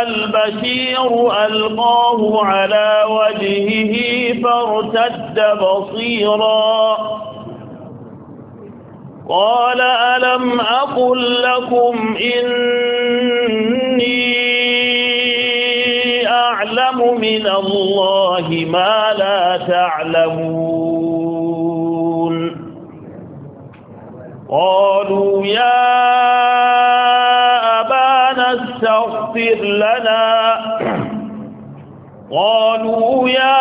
البشير ألقاه على وجهه فارتد بصيرا قال ألم أقل لكم إني أعلم من الله ما لا تعلمون قالوا يا فاغفر لنا قالوا يا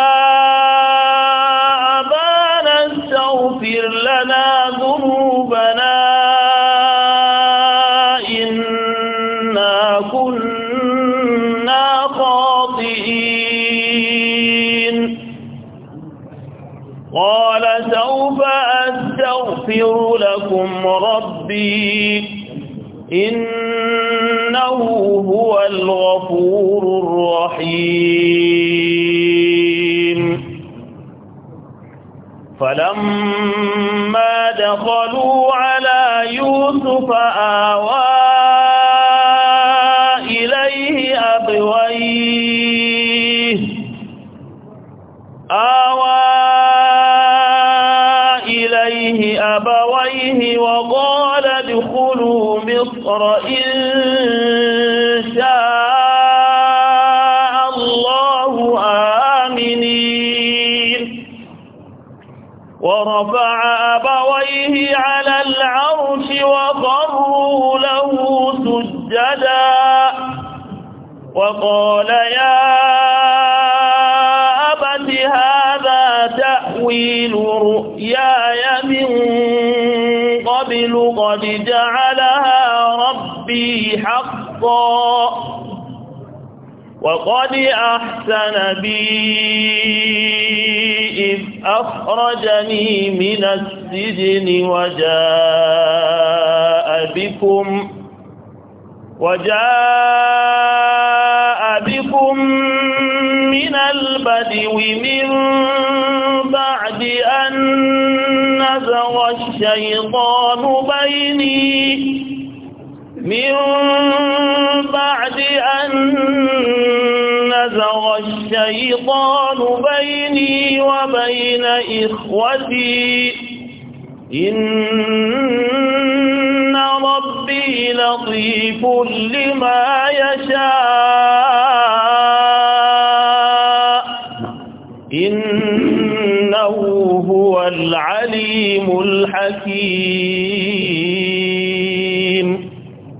فلما دخلوا على يوسف آوى قال يا أبت هذا تأويل رؤياي من قبل قد جعلها ربي حقا وقد أحسن بي إذ أخرجني من السجن وجاء بكم وجاء الشيطان بيني من بعد أن نزغ الشيطان بيني وبين إخوتي إن ربي لطيف لما يشاء إنه هو العليم الحكيم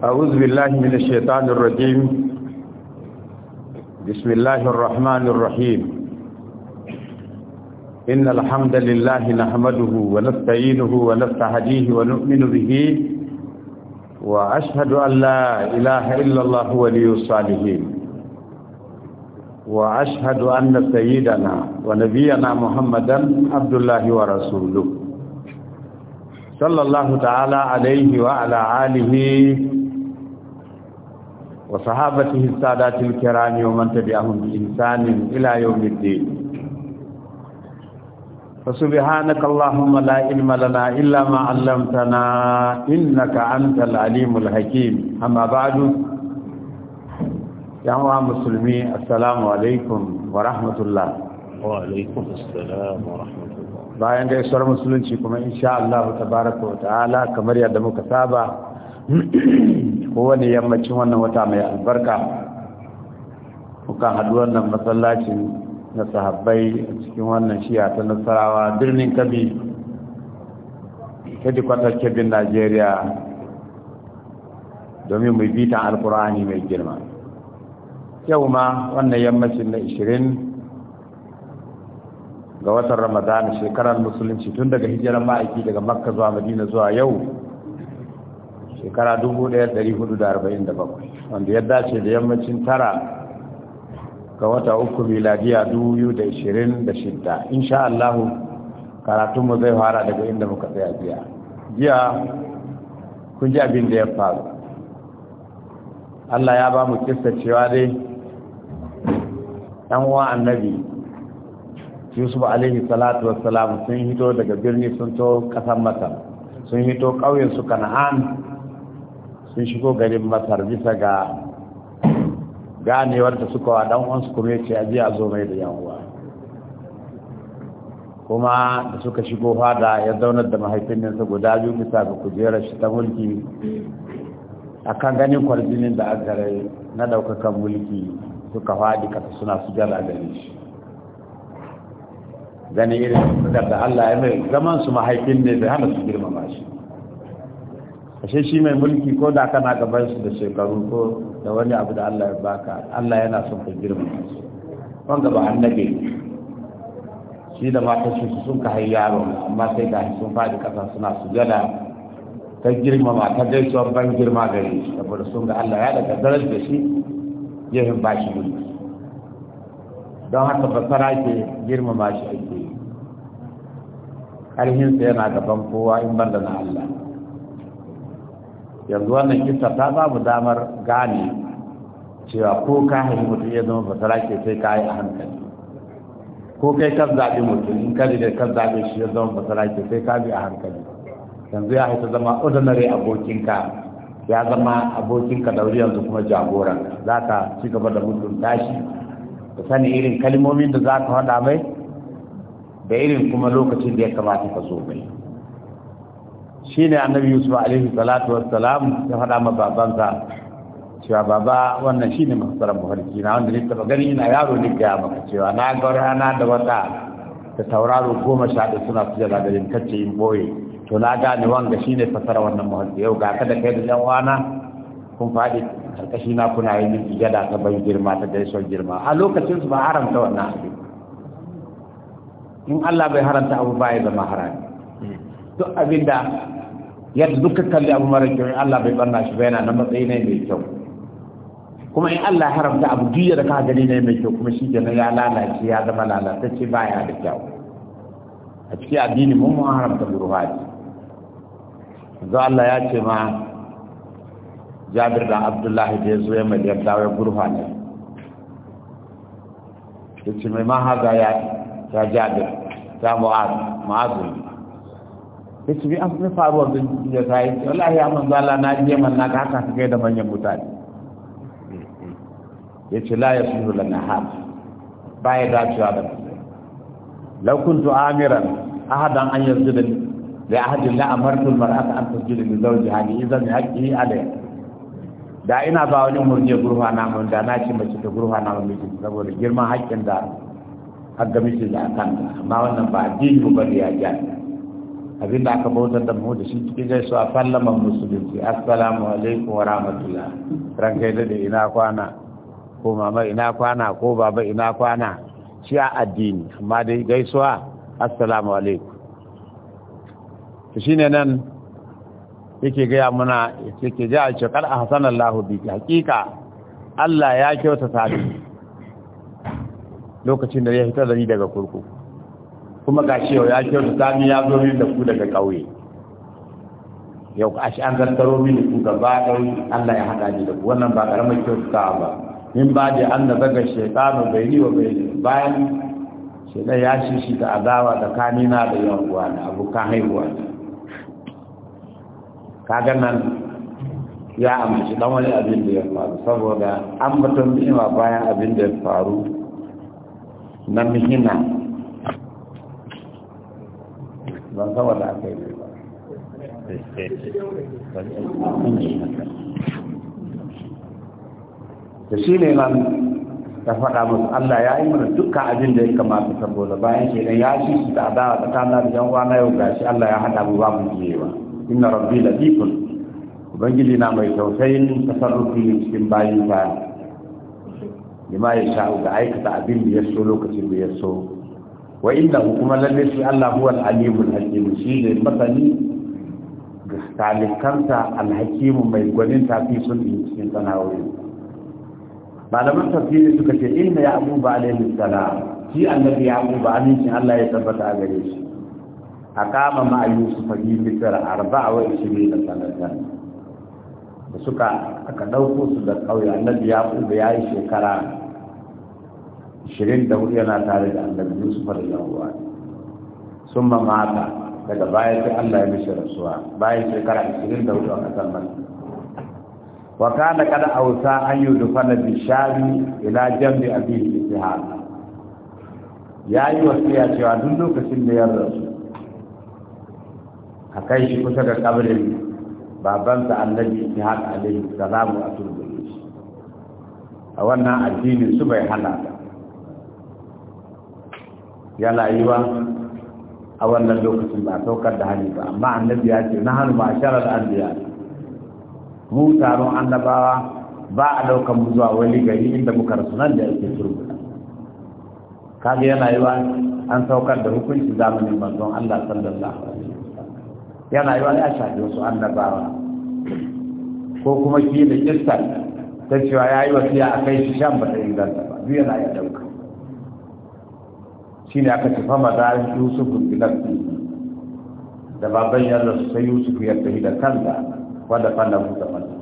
أعوذ بالله من الشيطان الرجيم بسم الله الرحمن الرحيم إن الحمد لله نحمده ونستعينه ونستهديه ونؤمن به وأشهد أن لا إله إلا الله ولي الصالحين واشهد ان سيدنا ونبينا محمدا عبد الله ورسوله صلى الله تعالى عليه وعلى آله وصحابته السادات الكرام ومن تبعهم بإنسان إلى يوم الدين فسبحانك اللهم لا علم لنا إلا ما علمتنا إنك أنت العليم الحكيم أما بعد يا مسلمين السلام عليكم ورحمة الله وعليكم السلام ورحمة الله bayan gaisuwar musulunci kuma insha Allah tabaraka wa ta'ala kamar yadda muka saba kowane yammacin wannan wata mai albarka muka haɗu wannan masallacin na sahabbai cikin wannan shiya ta nasarawa birnin kabi ta dikwatar kebin najeriya domin mai bitan alkur'ani mai girma yau ma wannan yammacin na 20 ga watan ramadana shekarar musulunci tun daga hijirar ma'aiki daga makka zuwa madina zuwa yau shekara 1447 wanda ya dace da yammacin tara ga wata uku miladiya 2026 insha Allahu karatunmu zai fara daga inda muka tsaya jiya jiya kun ji abin da ya faru Allah ya ba mu kista cewa dai ɗan wa annabi yusuf alaihi salatu wassalam sun hito daga birni sun to kasar masar sun hito ƙauyen su kana'an sun shigo garin masar bisa ga ganewar da suka wa dan uwansu kuma yace ce a zo mai da 'yan uwa kuma da suka shigo fada ya zaunar da mahaifin nan guda biyu bisa ga kujerar shi ta mulki akan ganin kwarjinin da aka na daukakan mulki suka fadi kasa suna sujala gare shi gani irin sadar da Allah ya mai zaman su mahaifin ne bai hana su girmama shi ashe shi mai mulki ko da kana gaban su da shekaru ko da wani abu da Allah ya baka Allah yana son ka girmama shi gaba annabi shi da mata shi sun ka yaro amma sai ga sun fadi kasa suna sujada ta girmama ta so ban girma gare shi saboda sun ga Allah ya daga darajar shi yayin bashi mulki don haka fara ke girmama shi ake yi ƙarhinsa yana gaban kowa in ban da na Allah yanzu wannan kisa ta ba mu damar gane cewa ko ka haifi mutum ya zama fasara ke sai ka yi a hankali ko kai kan zaɓi mutum in ka da kan zaɓe shi ya zama fasara ke sai ka bi a hankali yanzu ya haita zama ordinary abokinka ya zama abokinka wuri yanzu kuma jagoran za ka ci gaba da mutum tashi. ka sani irin kalmomin da za ka faɗa mai da irin kuma lokacin da ya kamata ka zo mai shi ne annabi yusuf alaihi salatu wassalam ya faɗa ma babansa cewa baba wannan shi ne masarar mafarki na wanda ne gani ina yaro ne gaya maka cewa na ga rana da wata da tauraro goma sha ɗaya suna sujada da linkacce in boye to na gane wanga shi ne fasara wannan mafarki yau ga ka da kai da yan uwana kun faɗi karkashi na kuna yi min ijada ta bai girma ta gaison girma a lokacin su ba haramta wannan abin in Allah bai haramta abu ba ya zama harami duk abinda yadda duka kalli abu mara kyau Allah bai banna shi bayana na matsayi ne mai kyau kuma in Allah haramta abu duk da ka gani ne mai kyau kuma shi kenan ya lalace ya zama lalatacce ya da kyau a cikin addini mun mu haramta burhani zo Allah ya ce ma jabir dan abdullahi da ya zo ya mai ya dawo ya gurfana ya ce mai mahaza ya ta jabir ta mu'azu ya ce bi an fi faruwa da ya ta yi wallahi amma manzo na je manna ka haka haka kai da manyan mutane ya ce la yasulu lana hal ba ya dacewa da law kuntu amiran ahadan an yazida li ahadin la amartu al mar'ata an tasjuda li zawjiha li idhan haqqihi alayha da ina ba wani murje gurfa na mun da na ce mace ta gurfa na mun miji saboda girman haƙƙin da har da miji da akan amma wannan ba addini ba ne ya ja abin da aka bautar da mu da shi cikin gaisuwa sallama musulunci assalamu alaikum wa rahmatullah ranka da ina kwana ko mama ina kwana ko baba ina kwana shi a addini amma dai gaisuwa assalamu alaikum to ne nan yake gaya muna yake ji a cikar a hasanar lahubi hakika Allah ya kyauta sami lokacin da ya hitar da ni daga kurku kuma ga shi ya kyauta sami ya zo min da ku daga ƙauye yau a shi an zartaro mini ku gaba ɗau Allah ya haɗa ni da ku wannan ba ƙaramin kyauta ba in ba da an da zaga shekaru bai ni wa bai bayan shekaru ya shi shi ta azawa tsakanina da yawa uwa na abokan haihuwa kaga nan ya amshi dan wani abin da ya faru saboda an batun ni'ima bayan abin da ya faru na mihina don saboda aka yi da shi ne nan ta faɗa musu Allah ya yi mana dukkan abin da ya kamata saboda bayan shi ya shi su da adawa tsakanin yan uwa na yau gashi Allah ya haɗa mu ba mu ba. inna rabbi latifun ubangiji na mai tausayin tasarrufi cikin bayin ta lima ya aikata abin da ya so lokacin da ya so wa inda kuma lalle shi Allah huwa al-alimul hakim shi ne masani ga talikanta al-hakim mai gwanin tafi sun yi cikin sanawoyi malaman tafsiri suka ce inna ya abu ba alaihi salam shi annabi ya abu ba amincin Allah ya tabbata a gare shi akama ma yusuf bi misr 24 sanatan da suka aka dauko su da kauye annabi ya kuma yi shekara 24 yana tare da annabi yusuf radiyallahu anhu summa mata daga baya sai Allah ya mishi rasuwa bayan shekara 24 a kasar Masar wa kana kada ausa an yudfana bi shari ila jambi abi yi yayi wasiya cewa duk lokacin da ya rasu a kai shi kusa da baban babansa annabi haɗa alaihi salamu a turbe shi a wannan addinin su bai hana ba yana yi wa a wannan lokacin ba saukar da hali ba amma annabi ya ce na hannu ba sharar anbiya mu taron annabawa ba a daukan mu zuwa wani gari inda muka rasu nan da ake turbe kaga yana yi wa an saukar da hukunci zamanin manzon Allah sallallahu alaihi yana yi wani a shafi wasu annabawa ko kuma da kista ta cewa ya yi ya a kai shi shan bata inganta ba biyu yana ya dauka shi ne aka tafa maza yusuf bilafi da baban yadda su sai yusuf ya tafi da kanta wadda fannin buɗe mata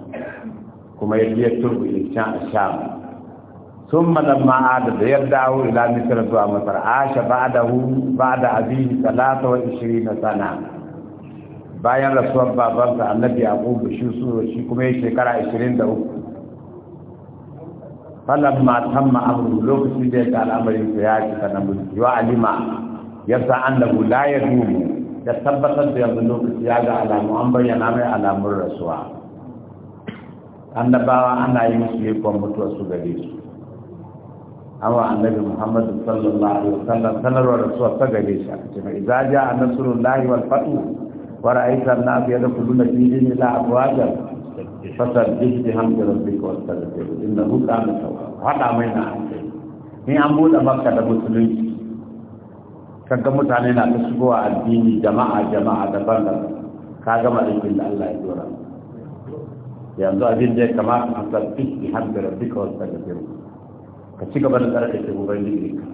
kuma ya biya turbu ya can a sha sun malamma da da ya dawo ila misira zuwa masar asha ba da hu ba da abin talata wa ishirin na sana'a bayan rasuwar babansa annabi abubu shi su shi kuma yi shekara 23 falon matan ma'amuru lokacin da ya ta al'amarin ya ci ta namun yiwa alima ya sa an da hula ya dumu da tabbatar da yanzu lokaci ya ga alamu an bayyana mai alamun rasuwa annabawa ana yi musu kwan mutuwa su gare su amma annabi muhammadu sallallahu alaihi wasallam sanarwar rasuwa ta gare shi a cikin izaja a nasarullahi lahiwar fadu ورأيت الناس يدخلون في دين الله أبوابا فسبح بحمد ربك واستغفره إنه كان توابا هذا من ni an buɗe makka da musulunci kaga mutane na ta shigowa addini jama'a jama'a daban daban ka gama ɗinkin da Allah ya dora yanzu abin da ya kamata a sabbi bi hamdi wasu daga astaghfiru ka ci gaba da tsarkake ubangiji ka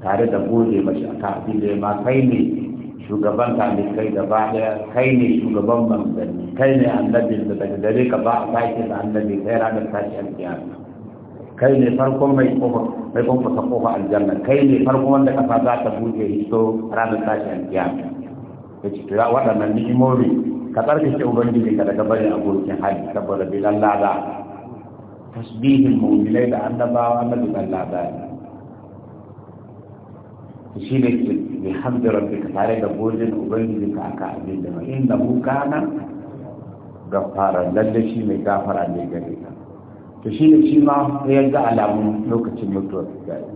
tare da gode mashi akan abin da ya ma kai ne shugaban talibai gaba daya kai ne shugaban manzanni kai ne annabi da daga dare ka ba a tashi da annabi kai ranar tashi alkiyama kai ne farkon mai kofa mai kofa kofa aljanna kai ne farkon wanda kafa za ta buɗe iso ranar tashi alkiyama ya ce tura waɗannan ni'imomi ka tsarkake ubangiji ka daga bari abokin hali saboda bilan lada tasbihin mu'minai da annabawa na bilan lada shi ne ke bi hamdu ka tare da godin ka aka abin da ma mu gana, kana fara lalle shi mai gafara ne gare ka to shi ne shi ma ya ga alamun lokacin mutuwar gari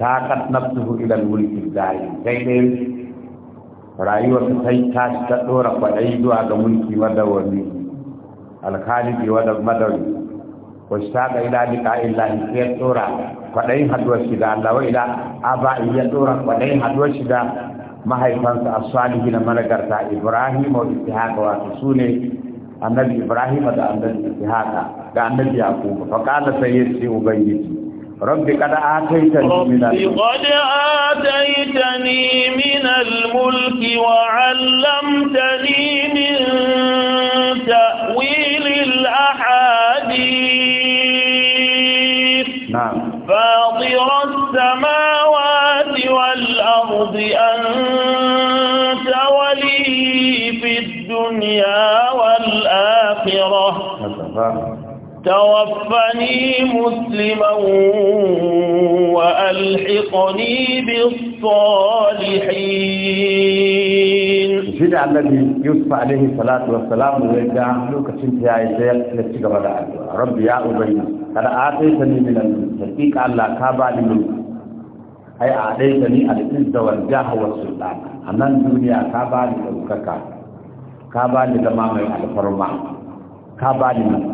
ta kan nafsu ila mulki gari sai dai rayuwar sai ta ta dora kwadai zuwa ga mulki madawami alkhalidi wa madawami wa ishtaka ila liqa illahi ya dora kwadayin Shida. shi da Allah wa ila aba ya dora kwadayin Shida. shi da mahaifansa as-salihi na malagarta Ibrahim wa Ishaq wa sune annabi Ibrahim da annabi Ishaq da annabi Yaqub fa qala sayyidi ubangiji رب قد آتيتني من الملك قد آتيتني من الملك وعلمتني من توفني مسلما وألحقني بالصالحين شدع الذي يوسف عليه الصلاة والسلام ويجع لوك شنت يا إسيال لتشد ربي يا أبي قد آتيتني من المسلمين الله كابا لمن أي a dai والجاه والسلطان أنا الدنيا كابا jaha كابا sultan anan ka ba ni nan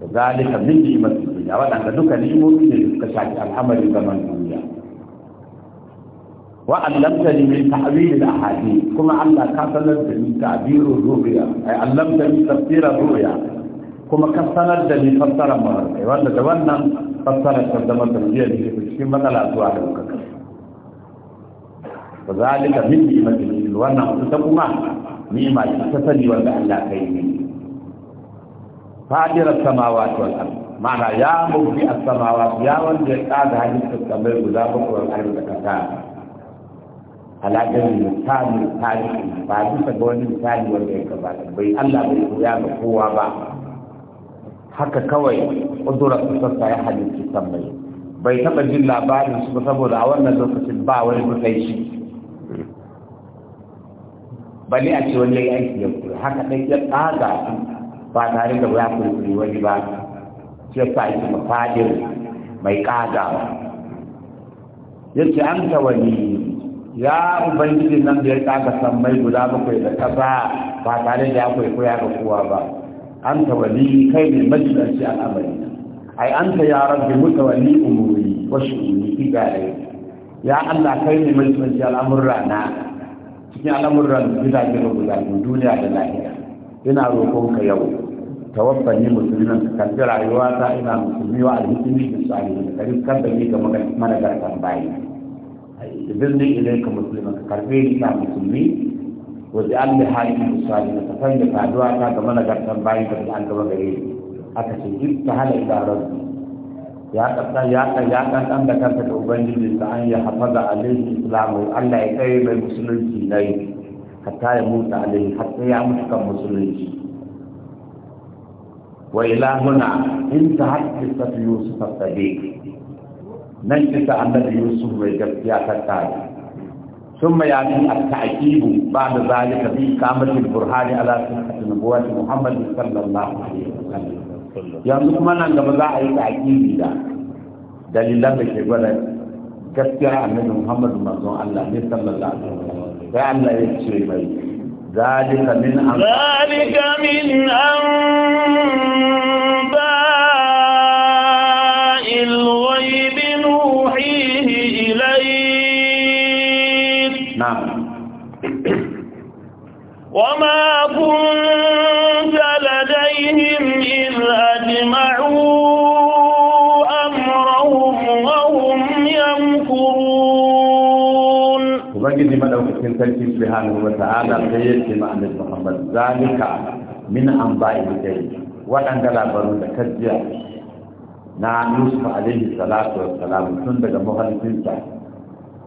da zalika min ni'imar duniya waɗanda duka ni'imomi ne suka shafi al'amarin zaman duniya wa allamtani min ta'wil al-ahadith kuma Allah ka sanar da ni ta'birur ru'ya ay allamtani tafsir ru'ya kuma ka sanar da ni fassara mafarkai wanda da wannan fassara ta zama tafsir ne cikin matsala zuwa da kuka ba zalika min ni'matil wannan ta kuma ni ni'ima ta sani wanda Allah yi ne fadirar samawa wal ard ma'ana ya mubbi as-samawati ya wanda ya kada hadisin kamar guda bakwai wal ard da kasa alaƙar misali tarihi ba bisa ga wani misali wanda ya gabata bai Allah bai koya ga kowa ba haka kawai kudura su sassa ya halittu sammai bai taɓa jin labarin su ba saboda a wannan lokacin ba wani mutai shi bale a ce wani ya aiki ya kula. haka ɗai ya tsaga ba tare da ya kurkuri wani ba ya sa yi mafadin mai ƙagawa ya an ta wani ya ubangiji nan da ya san mai guda bakwai da ƙasa ba tare da ya kwaikwaya ga kowa ba an wani kai ne majalarci al'amari ai an ta ya rabbi mutawalli umuri wa shu'uni igare ya Allah kai ne majalarci al'amurra na cikin al'amuran gidajen guda duniya da lahira ina roƙonka yau tawaffani musulmin ka karbi rayuwa ta ina musulmi wa alhikimi da da kari kan da ni ga managartan bayi izinni ilaika ilai ka ka karbe ni ta musulmi wa bi alli hakim salihin ka da faduwa ta ga managartan bayi da an gaba gare ni aka ce ta hana ila ya ƙasa ya ka ya ka dan da kanta da ubangiji ta an yi hafaza alaihi islamu Allah ya kai mai musulunci nayi hatta ya mutu alaihi hatta ya mutu kan musulunci wa ilahuna in ta haƙƙi safi yusuf sadiq nan kisa annabi yusuf mai gaskiya ta kare sun ma yafi a ta'akibu ba da zalika bi kamatin burhani ala sunnati nubuwati muhammad sallallahu alaihi wasallam yanzu kuma nan gaba za a yi ta'akibi da dalilan da ke gwada gaskiya annabi muhammad manzon allah ne sallallahu alaihi wasallam ذلك من أنفسهم cikin sarki subhanahu wa ta'ala da ya ce ma annabi Muhammad zalika min anba'i kai waɗanda labarun da kajiya na Yusuf alaihi salatu wa salam tun daga muhallinsa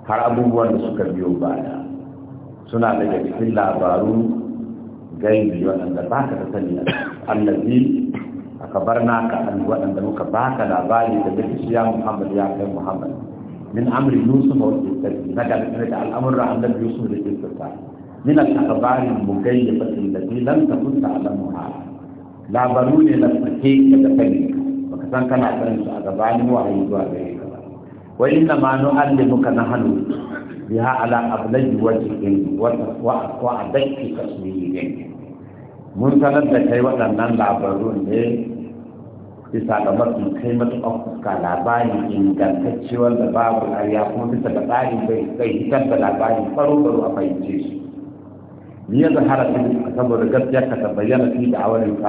har abubuwan da suka biyo baya suna daga cikin labaru gaibi waɗanda ba ka da sani allazi aka bar naka an waɗanda muka baka labari da duk Muhammad ya kai Muhammad من أمر يوسف والتسلي ما قال لك الأمر عن نبي يوسف للتسلي من الأخبار المكيفة التي لم تكن تعلمها لا بروني نفسكي كتفني وكتان كان أعلم الأخبار وهي دوار وإنما نعلمك نحن بها على أبلج وجهك وعدك تصميمك من ثلاثة كيوة لن نعبرون bisa ga mafi kai masu fuska labarin ingantacce da babu ƙarya kuma bisa da tsarin bai hitar da labarin faro-faro a fahimce shi ni ya zahara a saboda gaskiya ka ta bayyana fi awar yin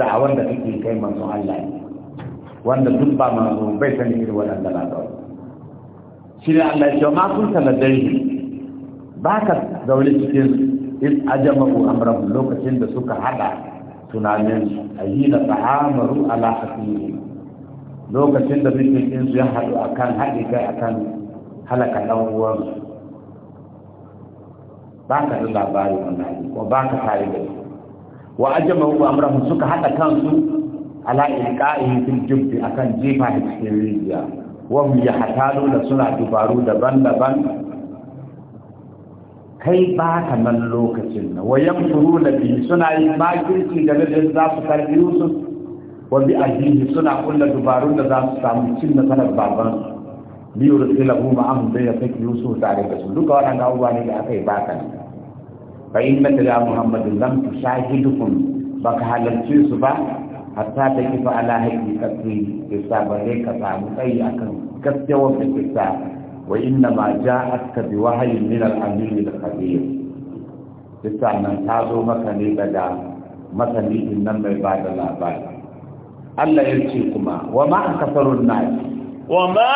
da'awar da kake kai manzo Allah ne wanda duk ba manzo bai san iri waɗanda labarai shi ne Allah ya ce ma kun ba ka zaune cikin in ajama'u amrahu lokacin da suka haɗa? tunanin a yi da tahamaru ala hasiri lokacin da mutum din su ya haɗu akan haɗe kai akan halaka ɗan uwan ba ka da labari labarin wannan ko ba ka tare da wa ajama ku amrahu suka haɗa kansu ala ilqa'ihi fil jubbi akan jefa cikin rijiya wa hum hatalu da suna dubaru daban-daban kai ba ka nan lokacin na wayan furu na biyu suna yi makirci game da za su karbi yusuf wa bi addini suna kulla dubarun da za su samu cin nasarar baban biyu da sila kuma an da ya saki yusuf tare da su duka waɗanda abubuwa ne da aka yi baka ne fa in na tara muhammadu lam tu shahidukum ba ka halarci su ba hatta ta kifa ala haƙiƙa su da sabarai ka samu tsayi akan gaskiyar wanda ke sa وإنما جاءتك بوحي من العليم الخبير لسا من تازو مكاني بدا مكاني إنما بعد بعد الله يرشيكما وما أكثر الناس وما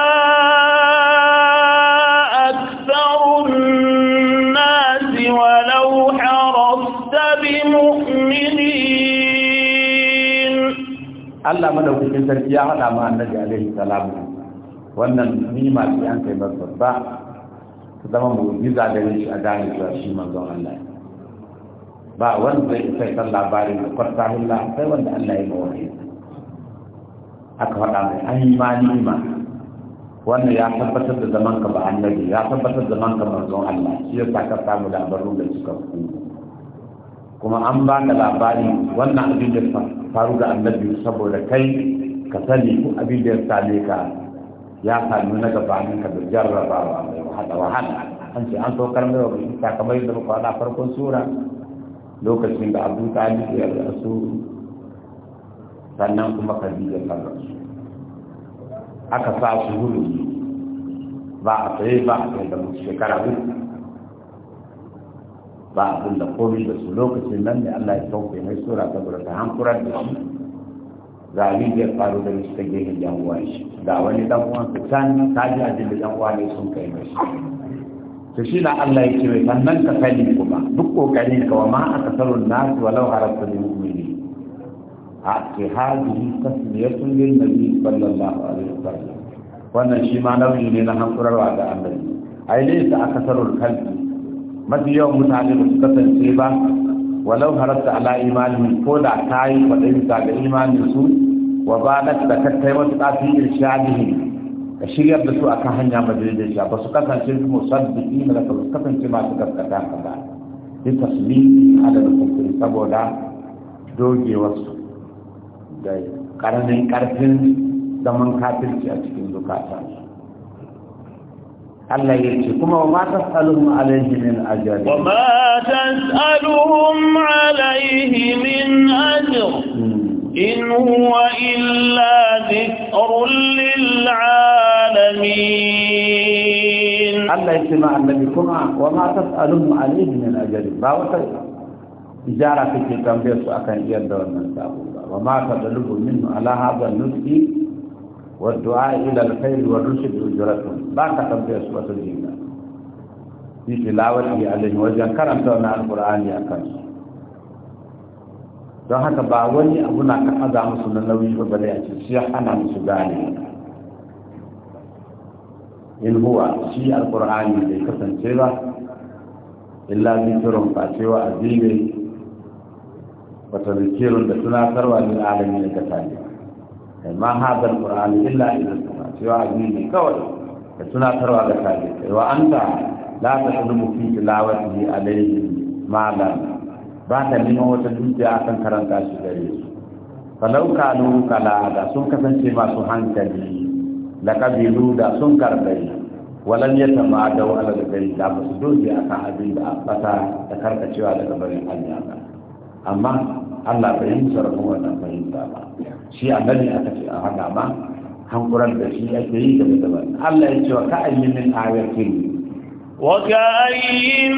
أكثر الناس ولو حرصت بمؤمنين الله ملوك كنت يا على ما النبي عليه السلام wannan nima ce an kai masa ba ta zama mu'jiza da shi a gane zuwa shi manzon Allah ba wanda zai isa kan labarin da kwarta hulla sai wanda Allah ya mawaye aka faɗa mai an yi ma nima wannan ya tabbatar da zaman ka ba annabi ya tabbatar da zaman ka manzon Allah shi ya sa ka samu labarin da suka fi kuma an ba ka labari wannan abin da faru ga annabi saboda kai ka sani ko abin da ya same ka ya sami na gabanin ka da jarrabawa mai wahala wahala an ce an saukar mai wa ta kamar yadda muka faɗa farkon sura lokacin da abu talib a rasu sannan kuma ka khadija ta rasu aka sa su gudu ba a tsaye ba a tsaye da musu shekara uku ba abin da komai da su lokacin nan ne Allah ya sauke mai sura saboda ta hankurar da shi zali abin ya faru da wasu ta gehen yan uwa shi Da wani dan uwan su can ta ji abin da yan ne sun kai mashi to shi na Allah ya ce mai sannan ka sani kuma duk kokari ka wa ma aka sarun nasu walau harafta da ne a ce hadihi tasmiyatun lil nabi sallallahu alaihi wasallam wannan shi ma nauyi ne na hankurarwa da annabi ai ne sa aka sarun kalbi mafi yawan mutane ba su kasance ba Wa harasta ala ala'imani ko da ta yi kwaɗayi bisa ga imanin su wa ba na da ka kai wasu ɗafin irshadihi ka shiryar da su a kan hanya majalisa ba su kasance kuma sabbiki na da su kasance masu gaskata ka ba bi tasmini adadin kufuri saboda dogewarsu da ƙaramin ƙarfin zaman kafirci a cikin zukata الله يجزي وما تسألهم عليه من أجر وما تسألهم عليه من أجر إن هو إلا ذكر للعالمين الله يجزي النبي كما وما تسألهم عليه من أجر باوتا إجارة في كتابة سؤال كان يدور من سابقا وما تسألهم منه على هذا النسخ والدعاء الى الخير والرشد أجرتهم باقة تنبيه سورة الجنة في تلاوته عليه وجه كرم تونا القران يا كان don haka ba wani abu na kan aza musu na nauyi ba bale a ce shi hana musu gane in huwa shi alqur'ani bai kasance ba illa zikirun ba cewa wata zikirun da tunatarwa ne alamin da ta kai ma hadar qur'ani illa ila sama cewa ya ne kawai da tunatarwa ga kai wa anta la tahdumu fi tilawati alayhi ma la ba ta neman wata dukiya akan karanta shi gare su falau kanu kala da sun kasance masu hankali da kabilu da sun karbai walan ya tama da wa'ala da gari da ba su doge akan abin da a da karkacewa daga barin hanya amma Allah bai yi sarrafin wannan fahimta ba shi annabi aka ce a haka ma hankuran da shi ake yi da daban Allah ya ce wa ka'ayyin min ayatin wa ka'ayyin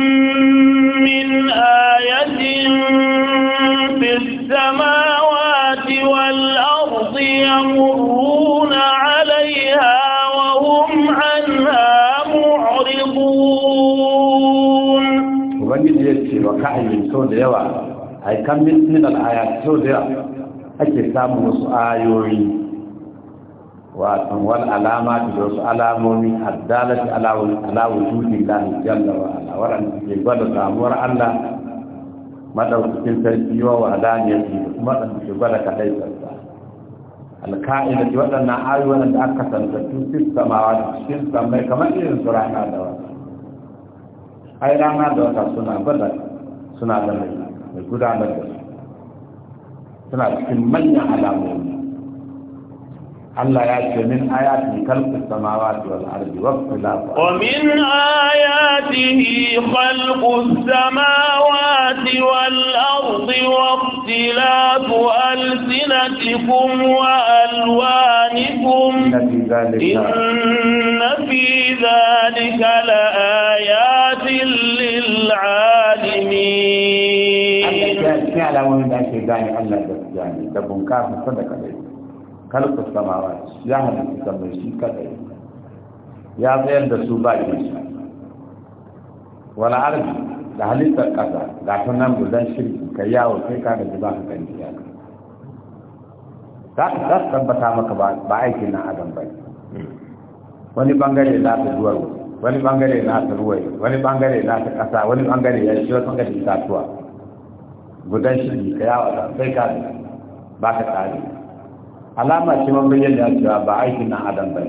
min ayatin fis samawati wal ardi yamurruna 'alayha wa hum 'anha mu'ridun ubangiji ya ce wa ka'ayyin so da yawa ai kan min al'ayat to da ake samun wasu ayoyi wato wal alama da wasu alamomi addalati ala wujudi Allah jalla wa ala an ke gwada samuwar Allah madaukakin sarki wa wadaniyar kuma da ke gwada kadai sarki alka'ida ce waɗannan ayoyi da aka santattu cikin samawa da cikin samai kamar irin su da wata ai rana da wata suna gwada suna da mai mai gudanar da su suna cikin manyan alamomi Allah ya ce min ayatin kalqi samawati wal ardi wa ikhtilafu wa min ayatihi khalqu samawati wal ardi wa ikhtilafu alsinatikum wa alwanikum inna fi dhalika la ayatin lil 'alamin wani da ake gane Allah da su gane da bunƙasa sa da kadai kalkus samawa ya halittu kamar shi kadai ya tsayar da su ba shi Wani arzi da halittar ƙasa ga ta nan gudan shirki ka yawo sai ka da zuba ka gani ya ka za ka tabbata maka ba aikin na adam ba wani bangare na ta zuwa wani bangare na ta ruwaye wani bangare na ta ƙasa wani bangare ya shi wani bangare ta tuwa gudan shi ka yawa da sai ka ba ka tsari alama ce man ya cewa ba aikin na adam ba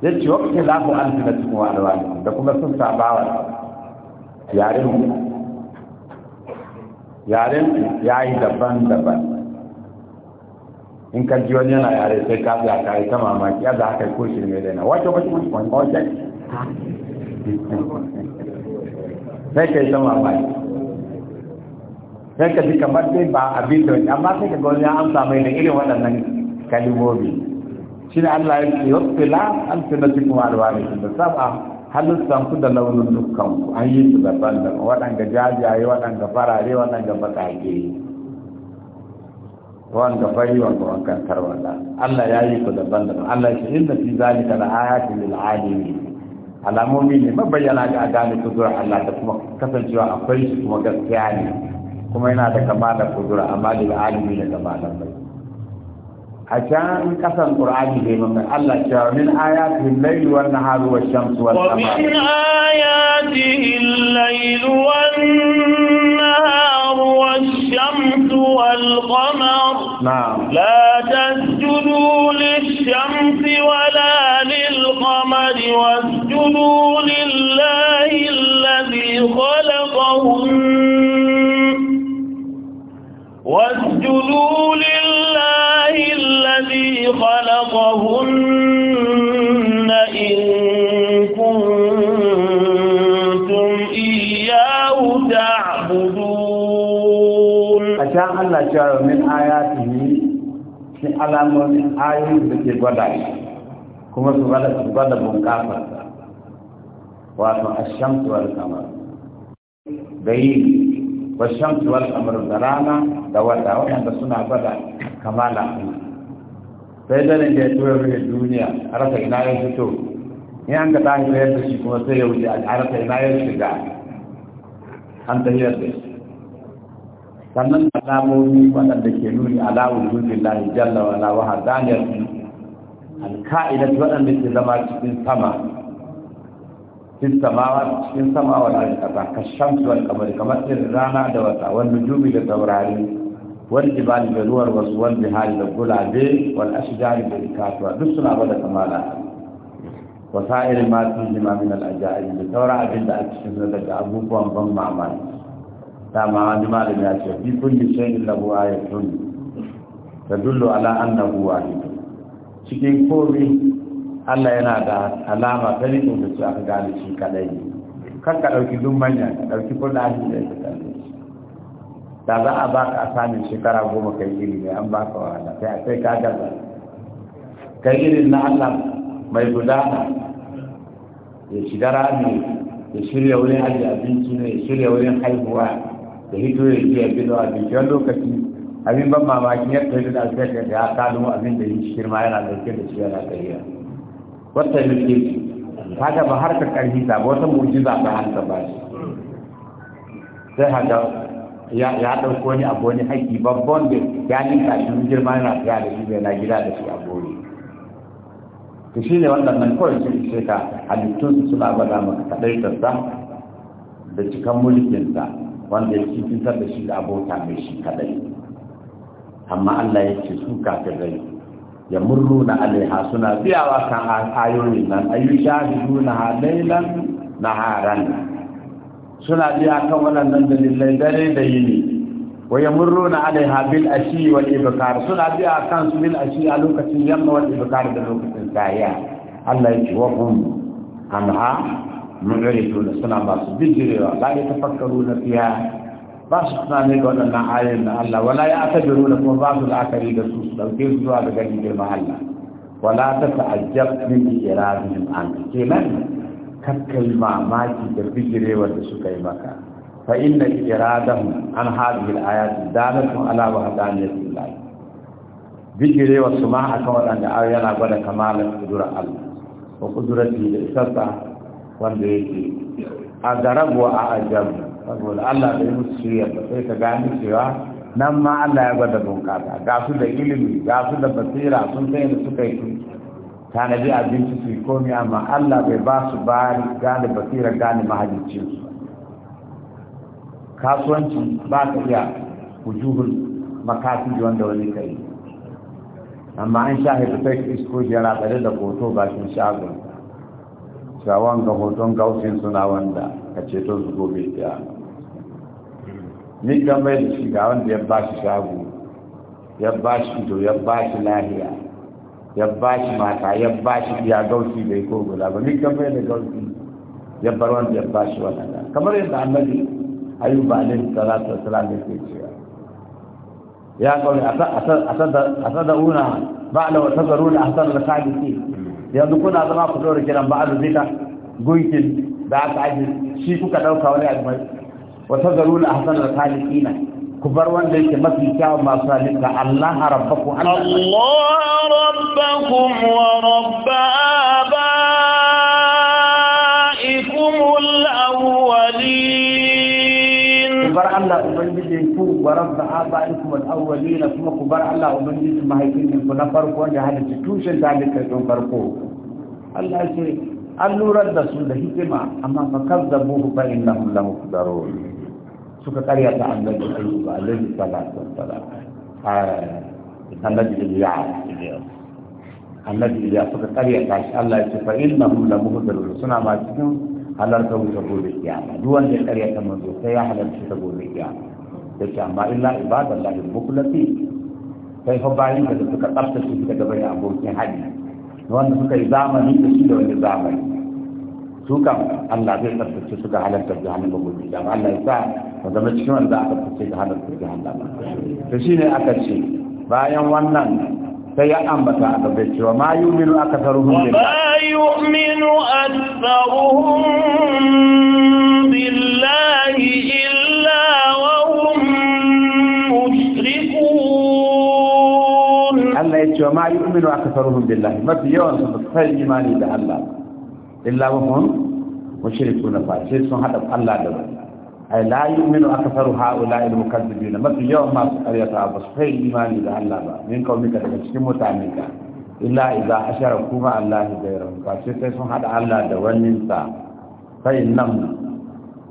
ya ce wakil lafi na cikin alwani da kuma sun sabawa yaren yaren ya yi daban-daban in ka ji wani yana yare sai ka za ka yi ta mamaki yadda haka ko koshi ne daina wato wato wato wato wato sai ka yi ta mamaki sai ka ji kamar sai ba abin da wani amma sai ka ga wani amsa mai da irin waɗannan kalimomi shi ne Allah ya ce wasu fila an fi na cikin su da saba halittan ku da launin dukkan ku an yi su daban daban waɗanda jajaye waɗanda farare waɗanda baƙaƙe wanda fari wanda wankan tarwada Allah ya yi ku daban daban Allah ya ce na fi zalika la ayatin lil alamin alamomi ne mabayyana ga gane kudurar Allah da kuma kasancewa akwai shi kuma gaskiya ne kuma yana da kamalar kudura amma da alimi da kamalar bai a can kasan qur'ani dai mun Allah ya ce min ayatihi al-layl wan nahar wash shams wal qamar wa min ayatihi al-layl wan nahar wash shams wal qamar na'am la tasjudu lish shamsi wala lil qamari wasjudu lillahi alladhi khalaqahunna واسجدوا لله الذي خلقهن إن كنتم إياه تعبدون أشان الله شعر من آياته في علامة من آيات بكي قدعي كما سبالة بمكافة وأتوا الشمس والقمر دليل wa tuwal wal qamar da rana da wata waɗanda suna gwada kamala sai da ne ya tura rufe duniya a rasa ina ya fito in an ga tashi da yadda shi kuma sai ya wuce a rasa ina ya shiga an ta yadda sannan alamomi waɗanda ke nuni ala wujudin lahi jalla wa la wa hadaniyar alka'ida waɗanda ke zama cikin sama cikin samawa cikin samawa da kasa ka shamsu wal kamar kamar irin rana da wata wal nujumi da taurari wal jibali da ruwar wasu wal bihari da gulabe wal ashjari da ikatuwa duk suna bada kamala wasa'ir ma fi jima min al ajaib da saura abin da a cikin daga abubuwan ban mamaki dama wani malami ya ce fi kulli shay'in lahu ayatun tadullu ala annahu wahid cikin komai Allah yana da alama ta riko da su aka gane shi kadai kan ka ɗauki duk manya ka ɗauki kuɗaɗe da ka kalle da za a ba ka asamin shekara goma kai ilimi an baka wahala sai sai ka gaza kai irin na Allah mai gudana ya shiga rami ya shirya wani aji abinci ne ya shirya wani haihuwa ya hito ya ji ya gido abinci wani lokaci abin ban mamaki ya kai da alfiyar da ya kalu abin da yi shirma yana dauke da shi yana ɗariya. wata yake kaga ba har ka karfi ta ba wata mu'jiza ta hanta ba shi sai haka ya ya dauko ni abu ne haƙi babban da ya ninka shi girma yana fiya da shi na gida da shi a gori to shi ne wannan nan kawai sun ishe ka halittun su suna gwada maka kaɗaitarsa da cikan sa wanda ya cikin fitar da shi da abota mai shi kaɗai amma Allah ya ce su kafirai ya murru na alaiha suna biyawa kan ayoyin nan ayu shahidu na halailan na haran suna biya kan waɗannan dalilai dare da yini wa ya murru na alaiha bil ashi wal ibkar suna biya kan su bil ashi a lokacin yamma wal ibkar da lokacin sahiya Allah ya ci wa hum anha mu'ridun suna masu bijirewa la na fiha ba su tunani ga waɗannan ayoyin na Allah wala ya aka biro da kuma ba su la'akari da su su ɗauke su zuwa ga gani girma Allah wala ta ta'ajjab min iradihim an kenan kakkai mamaki da bijirewar da suka yi maka fa inna iradahum an hadhihi al-ayat dalatu ala wahdaniyati Allah bijirewar su ma akan waɗanda ayoyi yana gwada kamalan kudura Allah wa kudurati da isarsa wanda yake a garabu a ajabu saboda Allah bai musu shirya ba sai ka gani cewa nan ma Allah ya gwada bunƙasa ga su da ilimi ga su da basira sun sai da suka yi tanadi abinci su yi komi amma Allah bai ba su bari gane basira gane mahajicin su kasuwanci ba ka iya wujuhul makafi wanda wani ka yi amma an sha haifu sai isko jira tsare da hoto bakin shagon shawon ga hoton gausin suna wanda ka ceto su gobe ya ni kan mai da shi wanda ya bashi shago ya bashi ido ya bashi lahiya ya bashi mata ya bashi ya gausi bai ko guda ba ni kan mai da gausi ya bar wanda ya bashi wannan kamar yadda annabi ayyuba alaihi salatu wassalam yake cewa ya kawai a sada'una ba'ala wa tazaruna a al-khalisi yanzu kuna zama ku dora kiran ba'alu zita gunkin da aka aji shi kuka dauka wani abu وتذرون أحسن الخالقين كبر وان ليس مثل كاو ما صالحك الله ربكم الله ربكم ورب آبائكم الأولين كبر الله أبنجد كو ورب آبائكم الأولين ثم كبر الله أبنجد ما هيكين من كنا فرقوا جهد تتوشن ذلك كنا فرقوا الله يسير an lurar da su da hikima amma fa kazzabu fa innahum la muqdarun suka karya ta annabi ayyub alaihi salatu wassalam annabi ilyas annabi ilyas suka karya ta shi Allah ya ce fa innahum la muqdarun suna ma cikin halarta wuta gobe kiyama duk wanda ya karya ta manzo sai ya halarta ta gobe kiyama ta, amma illa ibadallahi mukhlasi sai fa bayin da suka tsabtace shi daga bayan abokin hajji. da wanda suka yi zamani da shi da wani zamani su kan Allah zai tsarkace su ga halartar jahannama gobe da Allah ya sa mu zama cikin wanda aka fice ga halartar ta shi ne aka ce bayan wannan sai ya ambata a gaba cewa ma yi umiru aka ma yu'minu aktharuhum billahi cewa ma yu'minu aktharuhum billahi mafi yawan su ba su imani da Allah illa wa hum mushrikun fa sai sun hada Allah da wani ay la faru aktharu ha'ula'i al-mukaththibin mafi yawan ma su karyata ba su imani da Allah ba min kaumika daga cikin mutane ka illa idza ashara kuma Allah gairan fa sai sun hada Allah da wani sa fa innam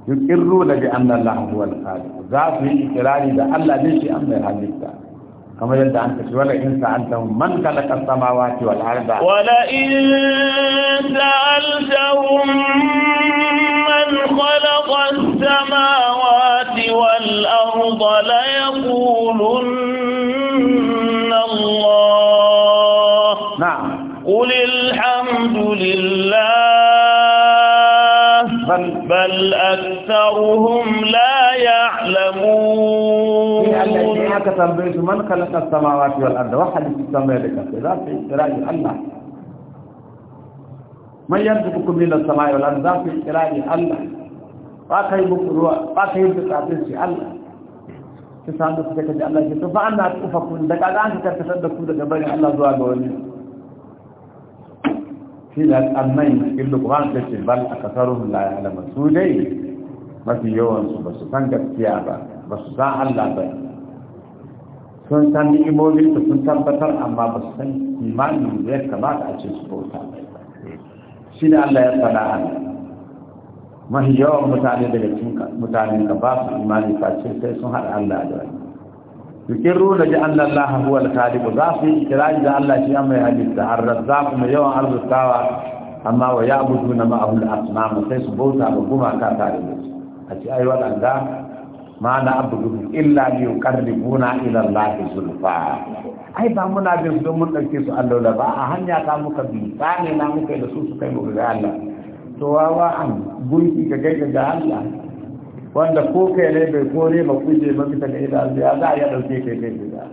yuqirru bi anna Allah huwa al-khaliq za su yi ikrari da Allah ne shi an mai halitta كما يلد أنت ولئن سألتهم من خلق السماوات والأرض ولئن سألتهم من خلق السماوات والأرض ليقولن الله نعم قل الحمد لله بل, بل أكثرهم لا يعلمون aka tambaye su man khalaqa samawati wal arda wa hadith samai da kasa za su ikirari Allah man yarzuqukum min as-samai wal arda za su ikirari Allah ba kai muku ruwa ba kai bukatun shi Allah ki samu su kaje Allah ki to fa anna tufakun da kaga an ka da ku daga bari Allah zuwa ga wani shi da annai illu Qur'an ta ce bal akasaruhum la ya'lamu su dai mafi yawan su ba su san gaskiya ba ba su san Allah ba sun san ni'imomin su sun tabbatar amma ba su san imanin da ya kamata a ce su bauta shi ne Allah ya faɗa a mahi yawan mutane daga cikin mutane ka ba su imani face sai sun haɗa Allah da wani yukirru da ji anna Allah huwa al-khaliq za su yi ikirari da Allah shi amma ya halitta ar-razzaq mai yawan arzikawa amma wa ya ya'buduna ma'ahu al-asnam sai su bauta ga gumaka tare da su a ce ai wadanda ma na abudu illa li yuqarribuna ila allahi zulfa ai ba muna bin don mun dauke su Allah ba a hanya ta muka bi ba ne na muka da su su kai mu ga Allah to wa an gunki ka gaida da Allah wanda ko kai ne bai kore ba kuje ba bisa ga ila ya za ya dauke kai kai da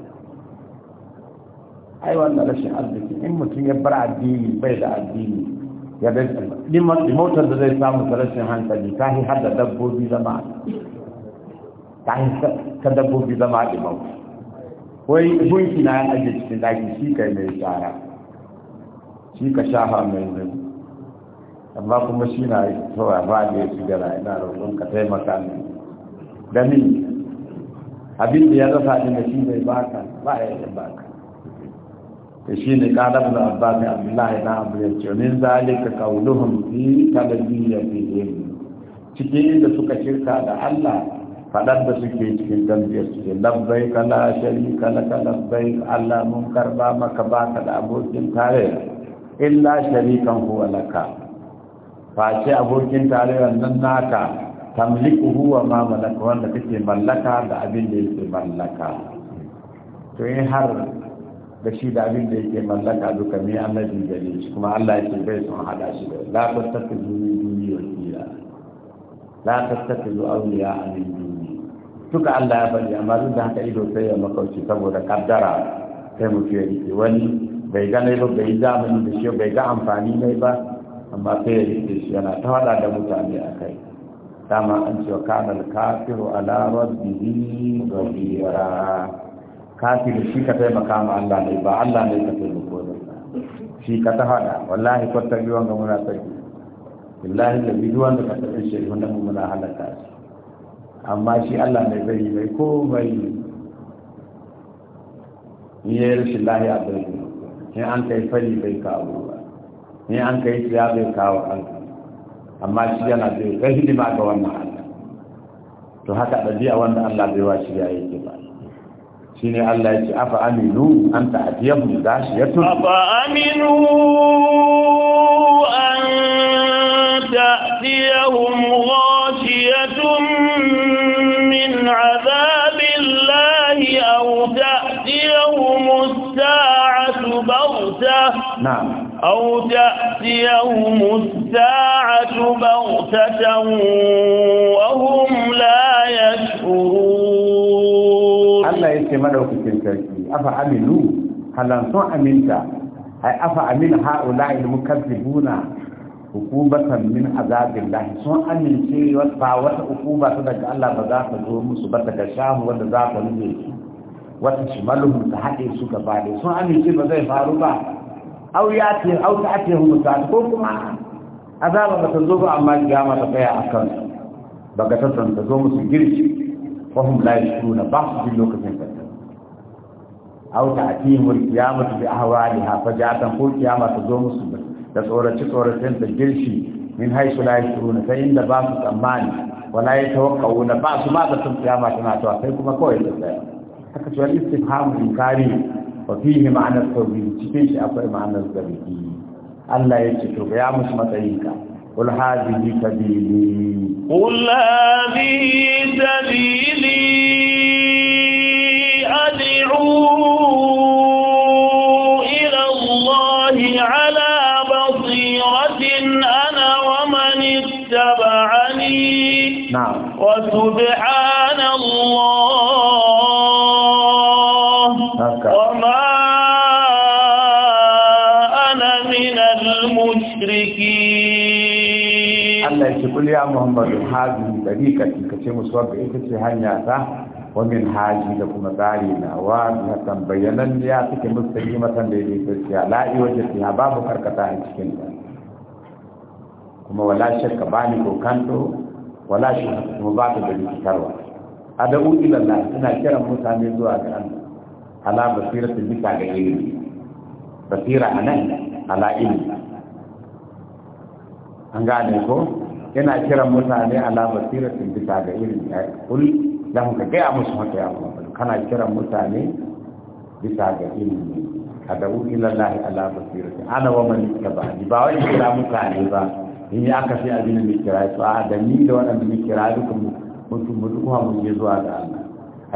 ai wannan rashin arziki in mutum ya bar addini bai da addini ya bai da motar da zai samu rashin hankali ta haddada dabbobi zama ta ta dabbobi zama limau wai gunki na yan ajiye cikin daki shi kai mai tsara shi ka shafa mai zai amma kuma shi na tsawa ba da ya sigara ina roƙon ka taimaka min da ni abin da ya rasa ɗin da shi bai baka ba ya yi baka da shi ne ƙarar da abba mai abdullahi na abu ya ce min zalika kauluhum fi talabiyya fi cikin inda suka shirka da allah faɗar da suke cikin gambiyar suke labbai kala shari kala ka labbai Allah mun karba maka ba ka da abokin tare illa sharikan huwa laka face abokin tare nan naka tamliku huwa ma malaka wanda kake mallaka da abin da yake mallaka to in har da shi da abin da yake mallaka duka mai annabi gare shi kuma Allah yake bai son hada shi da la tattakizu min duniya la a awliya min duka Allah ya bari amma duk da haka ido sai ya makauci saboda kaddara sai mu ce rike wani bai ga ba bai zamani da shi bai ga amfani ne ba amma sai ya rike shi yana ta hada da mutane a kai dama an cewa kanal kafiru ala rabbihi ghabira kafiru shi ka taimaka ma Allah ne ba Allah ne ka taimako da shi ka ta hada wallahi kwatta biwan wanga muna sai billahi da biduwan da ka tafi shi wanda mu muna halaka shi amma shi Allah mai bari mai komai ni ya rashin lahiya bai ni an kai fari bai kawo ba ni an kai siya bai kawo an amma shi yana zai kai hidima ga wannan Allah to haka ɗabi'a wanda Allah bai wa shi ya yi ba shi ne Allah ya ce afa aminu an shi ya gashiyatun afa aminu an ta'tiyahum mu. نعم أو تأتي يوم الساعة بغتة وهم لا يشعرون الله يستمر وكتن تركي أفا أملوا هل أنتم أملت أفا أمل هؤلاء المكذبون عقوبة من عذاب الله سن أمل شيء وطاوة عقوبة تدك الله بذاك الظلم سبتك شاه وذاك الظلم وتشملهم تحقي سكبالي سن أمل شيء بذاك الظلم aw ya ce aw ta ake hun musa ko kuma azaba ba ta zo ba amma kiyama ta tsaya a kan ba ga sassan ta zo musu girki ko hum la yashuruna ba su lokacin ta aw ta ake hun kiyama ta bi ahwaliha fa ja'atan ko kiyama ta zo musu da tsoraci tsoracen ta girki min haisu la yashuruna sai inda ba su tsammani wala ya tawakkawuna ba su ma da tun kiyama tana tawa sai kuma kawai ta tsaya haka cewa istifhamu inkari وفيه معنى التوحيد تيجي اقوي معنى التوحيد الله يكتب يا مش متينك قل هذه سبيلي قل هذه سبيلي ادعو الى الله على بصيره انا ومن اتبعني نعم وسبحان الله kul ya muhammadu hadi dariqati kace musu wanda ita ce hanya ta wa min haji da kuma tsari na wa na tambayanan ya take mustaji matan da yake gaskiya la iwaje fiha babu karkata a cikin ta kuma wala shakka bani ko kanto wala shakka kuma ba ta da kitarwa adabu ila Allah ina kiran mutane zuwa ga Allah ala basirati bisa ga ilimi basira anan ala ilmi an gane ko yana kiran mutane ala basiratin bisa ga irin ya kul dan ka gaya musu haka ya Allah kana kiran mutane bisa ga irin ilimi adawu ila Allah ala basirati ana wa man ittaba ba wai kira mutane ba in ya aka sai abin da kira a da ni da wannan da kira duka mutum mutum kuma mun je zuwa ga Allah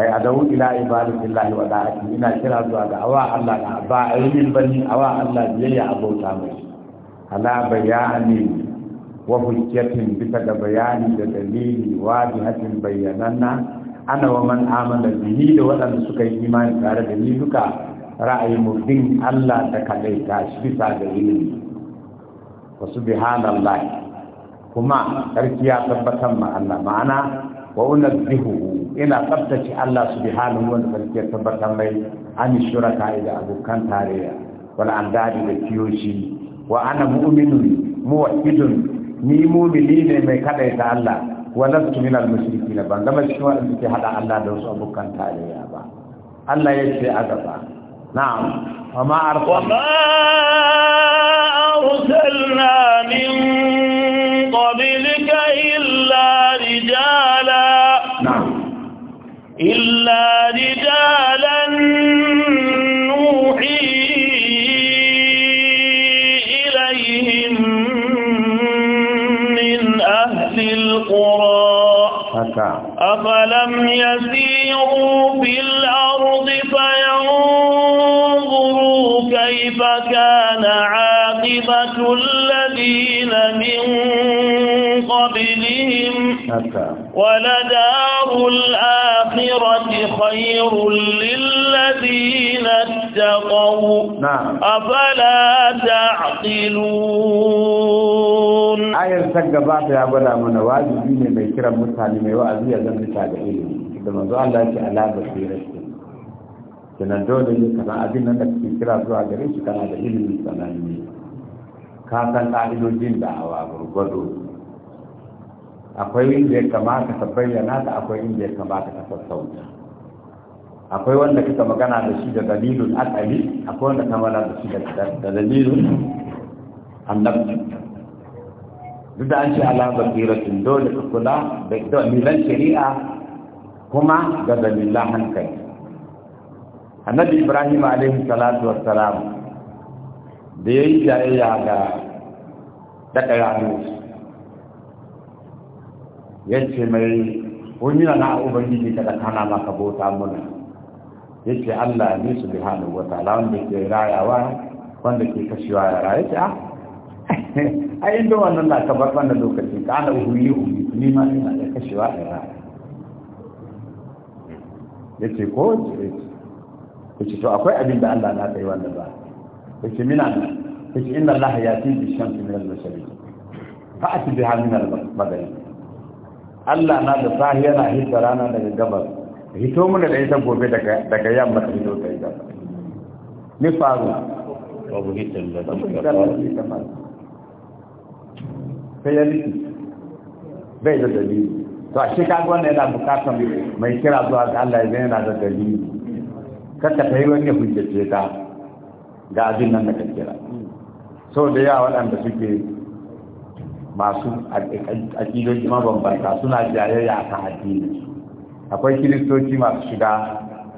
ai adawu ila ibadatillahi wa da'ati ina kira zuwa ga awa Allah ba ilmin bani awa Allah biyayya abota mai ala bayani wa hujjatin bisa ga bayani da dalili wa bihatin bayyananna ana wa amana bihi da waɗanda suka yi imani tare da ni duka ra'ayin mutum Allah da kadai ta shi bisa ga ilimi wa subhanallah kuma sarki tabbatar ma Allah ma'ana wa ina tsabtace Allah subhanahu wa ta'ala ya tabbatar mai an shuraka da abokan tarayya wal da kiyoshi wa ana mu'minun muwahhidun ni ni ne mai kadaita Allah wa lastu minal mushrikina ban zama cikin wanda suke hada Allah da wasu abokan tarayya ba Allah ya ce a gaba na'am wa ma arsalna min qablika illa rijala na'am illa rijalan أتى أفلم يسيروا في الأرض فينظروا كيف كان عاقبة الذين من قبلهم أتى ولدار الآخرة خير للذين اتقوا نعم أفلا تعقلون ta gabata ya gwada mana wajibi ne mai kiran mutane mai wa'azi ya zan bisa ga ilimi da manzo Allah ya ce ala basira kenan dole ne kana abin nan da kake kira zuwa gare shi kana da ilimi sananne ka san ka'idojin da'awa gurgudu akwai inda ya kamata ka bayyana ta akwai inda ya kamata ka sassauta akwai wanda kika magana da shi da dalilun akali akwai wanda ka magana da shi da dalilun annabci duk da an ce ala basiratin dole ka kula da dalilan shari'a kuma ga dalilan hankali annabi ibrahim alaihi salatu wassalam da ya yi jayayya ga daga yaro ya ce mai wani na ubangiji kada kana maka bauta muna ya ce allah ne su bi wata wanda ke rayawa wanda ke kashewa ya raya ce ah, a inda wannan na kabar wannan lokacin ka ana uhuri uhuri ni ma ina da kashewa a yara ya ce ko ku ce to akwai abin da Allah na yi wannan ba ku ce mina na ku ce inna Allah ya fi bishan su minal mashari fa a ci biha minal magani Allah na da sahi yana hita rana daga gabas hito mana da ita gobe daga yamma ta hito ta yi gabas ni faru babu hita da ta faru sai liki bai da dalili to a shi ka wannan yana bukatar mai kira zuwa ga Allah idan yana da dalili kada ta yi wani hujjace ka ga abin nan da ka kira so da yawa waɗanda suke masu aƙidoji mabambanta suna jayayya a kan addini akwai kiristoci masu shiga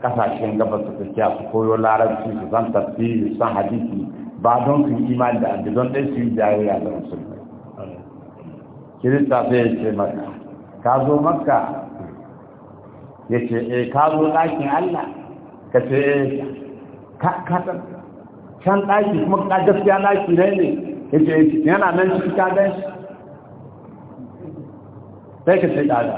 kasashen gabas da tsakiya su koyo larabci su san tafsiri su san hadisi ba don su imani da don ɗaya su yi jayayya da musulmi kirista sai ya ce maka ka zo maka ya ce e ka zo ɗakin Allah ka ce e ka kaɗan can ɗaki kuma ka gaskiya ɗaki ne ne ya ce eh, yana nan ciki ka gan shi sai ka ce ƙada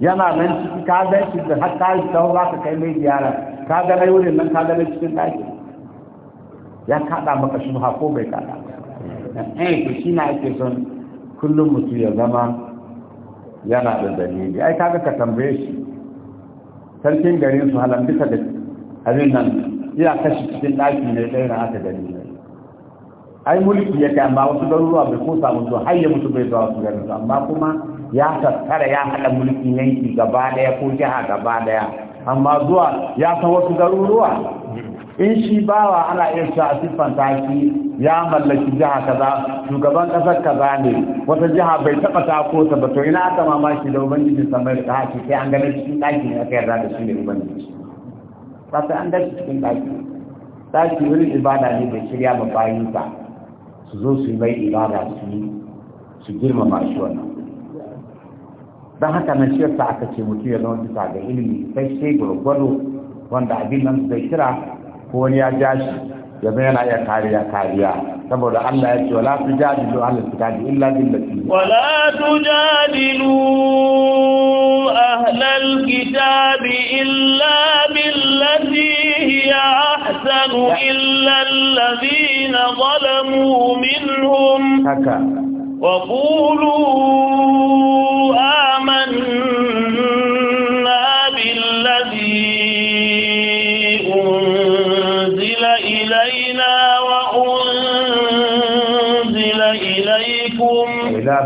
yana nan ciki ka gan shi da har ka yi za ka kai mai ziyara ka ga na wurin nan ka ga cikin ɗaki ya kaɗa maka shubha ko bai kaɗa ba eh to shi na ake son kullum mutum ya zama yana da dalili ai kaga ka tambaye shi sarkin garin su halan bisa da abin nan ya kashi cikin ɗaki ne ɗaya na aka gani ai mulki ya kai amma wasu garuruwa bai kusa samu har ya mutu bai zuwa su garin su amma kuma ya tattara ya haɗa mulkin yanki gaba ɗaya ko jiha gaba ɗaya amma zuwa ya san wasu garuruwa in shi bawa ana iya cewa a siffan taki ya mallaki jiha kaza shugaban kasar kaza ne wata jiha bai taba tako ta ba to ina aka mamaki da ubangiji samai da haki sai an gane cikin daki ne aka yarda da shi ne ubangiji ba sai an dace cikin daki daki wurin ibada ne bai shirya ba bayin ta su zo su yi mai ibada su yi su girmama shi wannan don haka nan shi yasa aka ce mutum ya zama bisa ga ilimi sai sai gwargwado wanda abin nan zai kira كوني أجاش يمينا يا كاريا كاريا سبب الله يجي ولا تجادلوا أهل الكتاب إلا بالتي ولا تجادلوا أهل الكتاب إلا بالتي هي أحسن إلا الذين ظلموا منهم هكا. وقولوا آمنا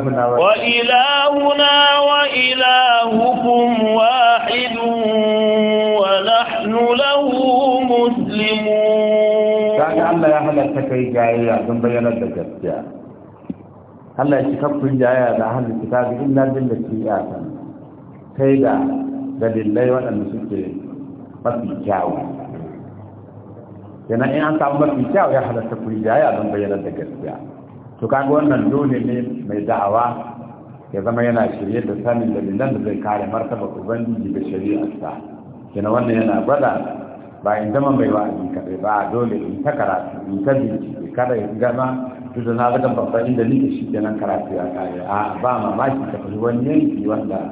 وإلهنا وإلهكم واحد ونحن له مسلمون كان الله يا هلا تكاي جاية دون بيانا دكتيا هلا يشكفكم أهل الكتاب إن بالتي آتنا كيدا dalilai waɗanda suke mafi kyawu جاو يعني an samu mafi kyawu ya halatta ku yi jaya don bayyana to kaga wannan dole ne mai da'awa ya zama yana shirye da sanin dalilan da zai kare martaba ubangiji da shari'arsa kina wannan yana gwada ba in zama mai wa'azi kaɗai ba dole in ta karatu in ta bincike kada ya gama duk da na zaga babban inda ni da shi kenan karatu ya kare a ba mamaki ka fi wani yanki wanda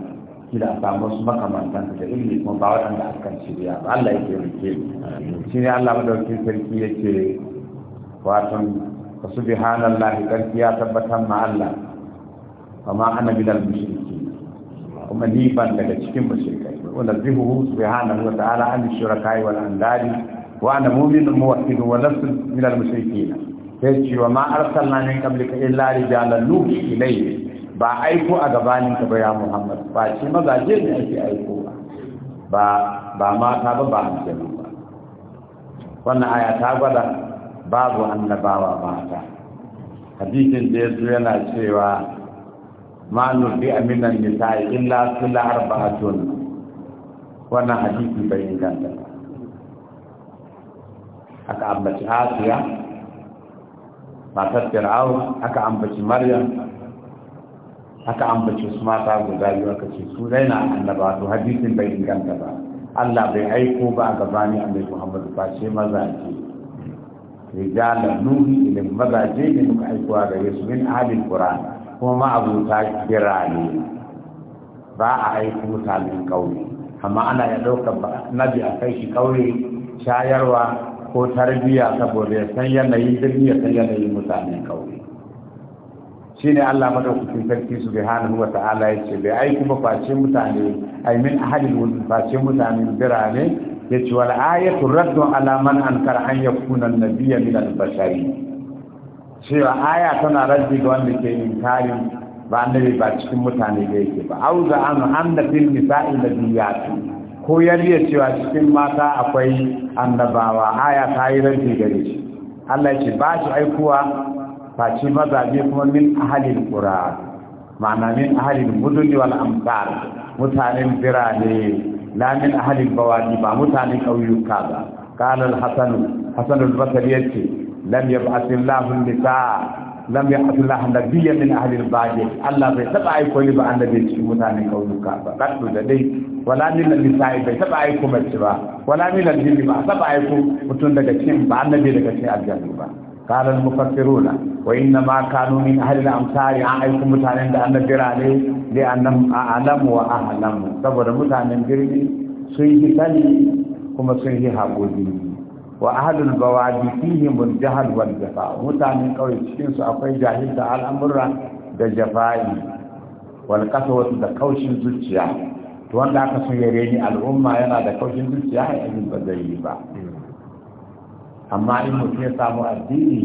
kila a samu wasu makamantan da ilimi kuma ba waɗanda a kan shirya ba Allah ya ke rike shi ne Allah madaukin sarki yake wato fa subhanallahi karki ya tabbatar ma Allah amma ana kuma ni ban daga cikin mushrikai wa nazihu subhanahu wa ta'ala an shuraka'i wal andari wa ana mu'minun muwakkid wa lastu min al mushrikin sai ce wa ba aiko a gabanin ka ba ya Muhammad ba ce mazaje ne ake aiko ba ba mata ba ba hanjali ba wannan aya ta gwada babu annabawa mata hadisin da yazo yana cewa manu bi aminan nisa'i illa sula arba'atun wannan hadisi bai inganta ba aka ambaci asiya matar fir'au aka ambaci maryam aka ambaci su mata guda biyu aka ce su dai na annaba to hadisin bai inganta ba Allah bai aiko ba a gabani annabi Muhammad ba ce maza ce rijalan nuhi ilin mazaje ne muka aikowa gare su min ahalin qur'an kuma ma'abuta birane ba a aiki mutanen ƙauye amma ana ya ɗaukar nabi a kai shi ƙauye shayarwa ko tarbiyya saboda ya san yanayin birni ya mutanen ƙauye shi ne Allah madaukakin sarki su subhanahu wa ta'ala ya ce bai aiki ba face mutane ai min ahalin birane yace wal ayatu raddu ala man ankara an yakuna nabiyyan min al bashari cewa aya tana raddi ga wanda ke inkarin ba annabi ba cikin mutane da yake ba auza an anna fil nisa'i nabiyatu ko yariya cewa cikin mata akwai annabawa aya ta yi raddi gare shi Allah ya ce ba shi aikuwa maza mazaje kuma min ahalin qura ma'ana min ahalin mudul wal amsal mutanen birane la min ahli bawadi ba mutanen ƙauyuka ba qala al-hasan hasan al-basri yace lam yab'ath Allahu nisaa lam ya haɗu lahan da biya min ahalin baje Allah bai taɓa aiko ni ba annabi cikin mutanen ƙauyuka ba Kaɗu da dai wala min al-nisa'i bai taɓa aiko mace ba wala min al-jinni ba taɓa aiko mutum daga cikin ba annabi daga cikin aljanna ba قال المفسرون وإنما كانوا من أهل الأمثال عائلكم متعنين لأن الجراني لأنهم أعلم وأعلم تبر متعنين جرمي سيه تلي كما سيه هابولي وأهل البوادي فيهم الجهل والجفاء متعنين قوي تشين سأقوي جاهل تعال أمر دجفائي والقسوة دكوش زجيا وأن لا تسيريني الأمة ينا دكوش زجيا يجب بدأيبا amma in mutum ya samu addini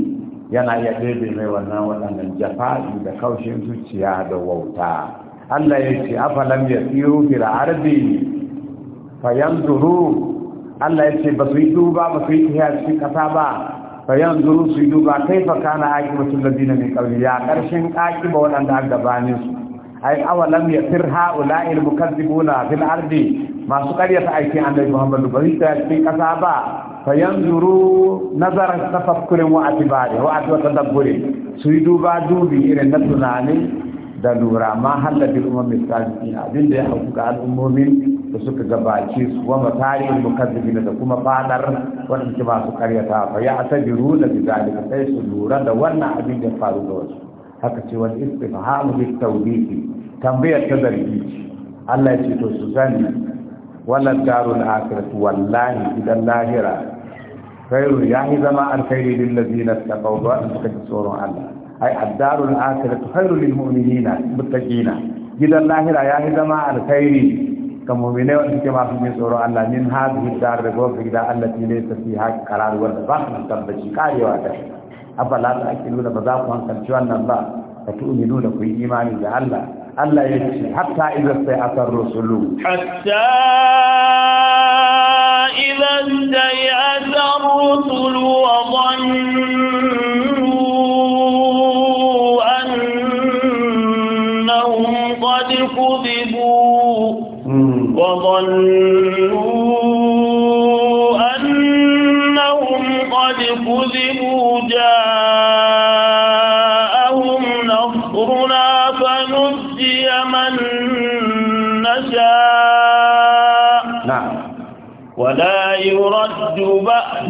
yana iya ɗebe mai wannan waɗannan jafa'i da kaushin zuciya da wauta Allah ya ce afalam ya tsiru fil ardi fayanzuru Allah ya ce ba su yi duba ba su yi tafiya cikin ƙasa ba fayanzuru su yi duba kaifa kana aqibatul ladina min qabli ya karshen ba waɗanda aka gabanin su ai awalam ya fir ha'ula'il mukazzibuna fil ardi masu ƙaryata aikin annabi muhammadu ba su yi cikin ƙasa ba fayanzuru nazara tafakkurin wa atibari wa atwa tadabburi su yi duba dubi irin na tunani da lura ma halladin umarmin sabiqin abin da ya hauku ga al'ummomin da suka gabace su wa matarihin mukazzibin da kuma fadar waɗanda masu karyata fa ya atabiru da bizalika sai su lura da wannan abin da faru da wasu haka ce wani istifhamu bi tawbihi tambayar ta zargi Allah ya ce to su sani wannan darul akhiratu wallahi idan lahira khairu yahi zama alkhairi lil ladina taqaw wa suka ji tsoron Allah ai ad-darul akhiratu khairu lil mu'minina muttaqina gidan lahira yahi zama alkhairi ga mu'mine wanda suke masu jin tsoron Allah min hadhihi dar da gobe gidan Allah ne ta fi hak qarar wanda ba su tabbaci karewa ta abala ta akilu da ba za ku hankalci wannan ba ka tu'minu da ku yi imani da Allah الله يجزي حتى إذا استيأس الرسل حتى إذا استيأس الرسل وظنوا أنهم قد كذبوا وظنوا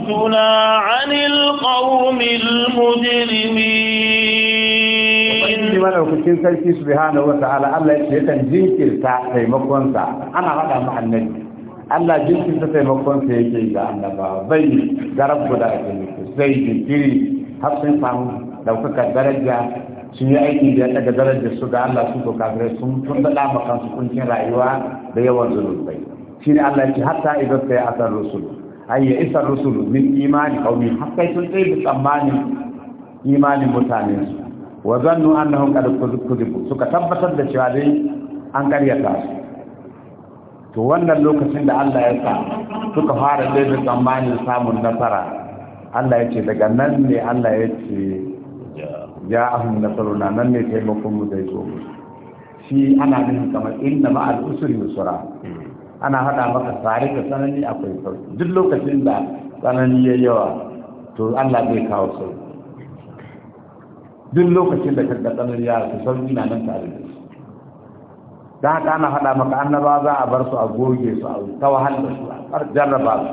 ربنا عن القوم المجرمين wa daukakin sarki subhanahu wa ta'ala Allah ya kan jinkirta taimakonsa ana hada mu annabi Allah jinkirta taimakonsa yake ga annaba bai ga rabbu da ake sai jinkiri har sun samu daukakar daraja sun yi aiki da daga darajar su ga Allah su ko kafirai sun tun da kansu rayuwa da yawan zulubai shine Allah ya ce hatta idan sai asar rusul ay ya isa rusul min imani qaumi hakkai sun tsaye da tsammanin imanin mutanen su wa zannu annahum qad kuzibu suka tabbatar da cewa dai an karyata su to wannan lokacin da Allah ya sa suka fara tsaye tsammanin samun nasara Allah ya ce daga nan ne Allah ya ce ya ahun nasaruna nan ne taimakon mu zai zo shi ana nufin kamar inna ma'al usri yusra ana haɗa maka tsari da tsanani akwai sauki duk lokacin da tsanani ya yawa to Allah zai kawo sauki duk lokacin da kaga tsanani ya su sauki na nan tare da su da haka ana haɗa maka annaba za a bar su a goge su a ta wahalar su a jarraba su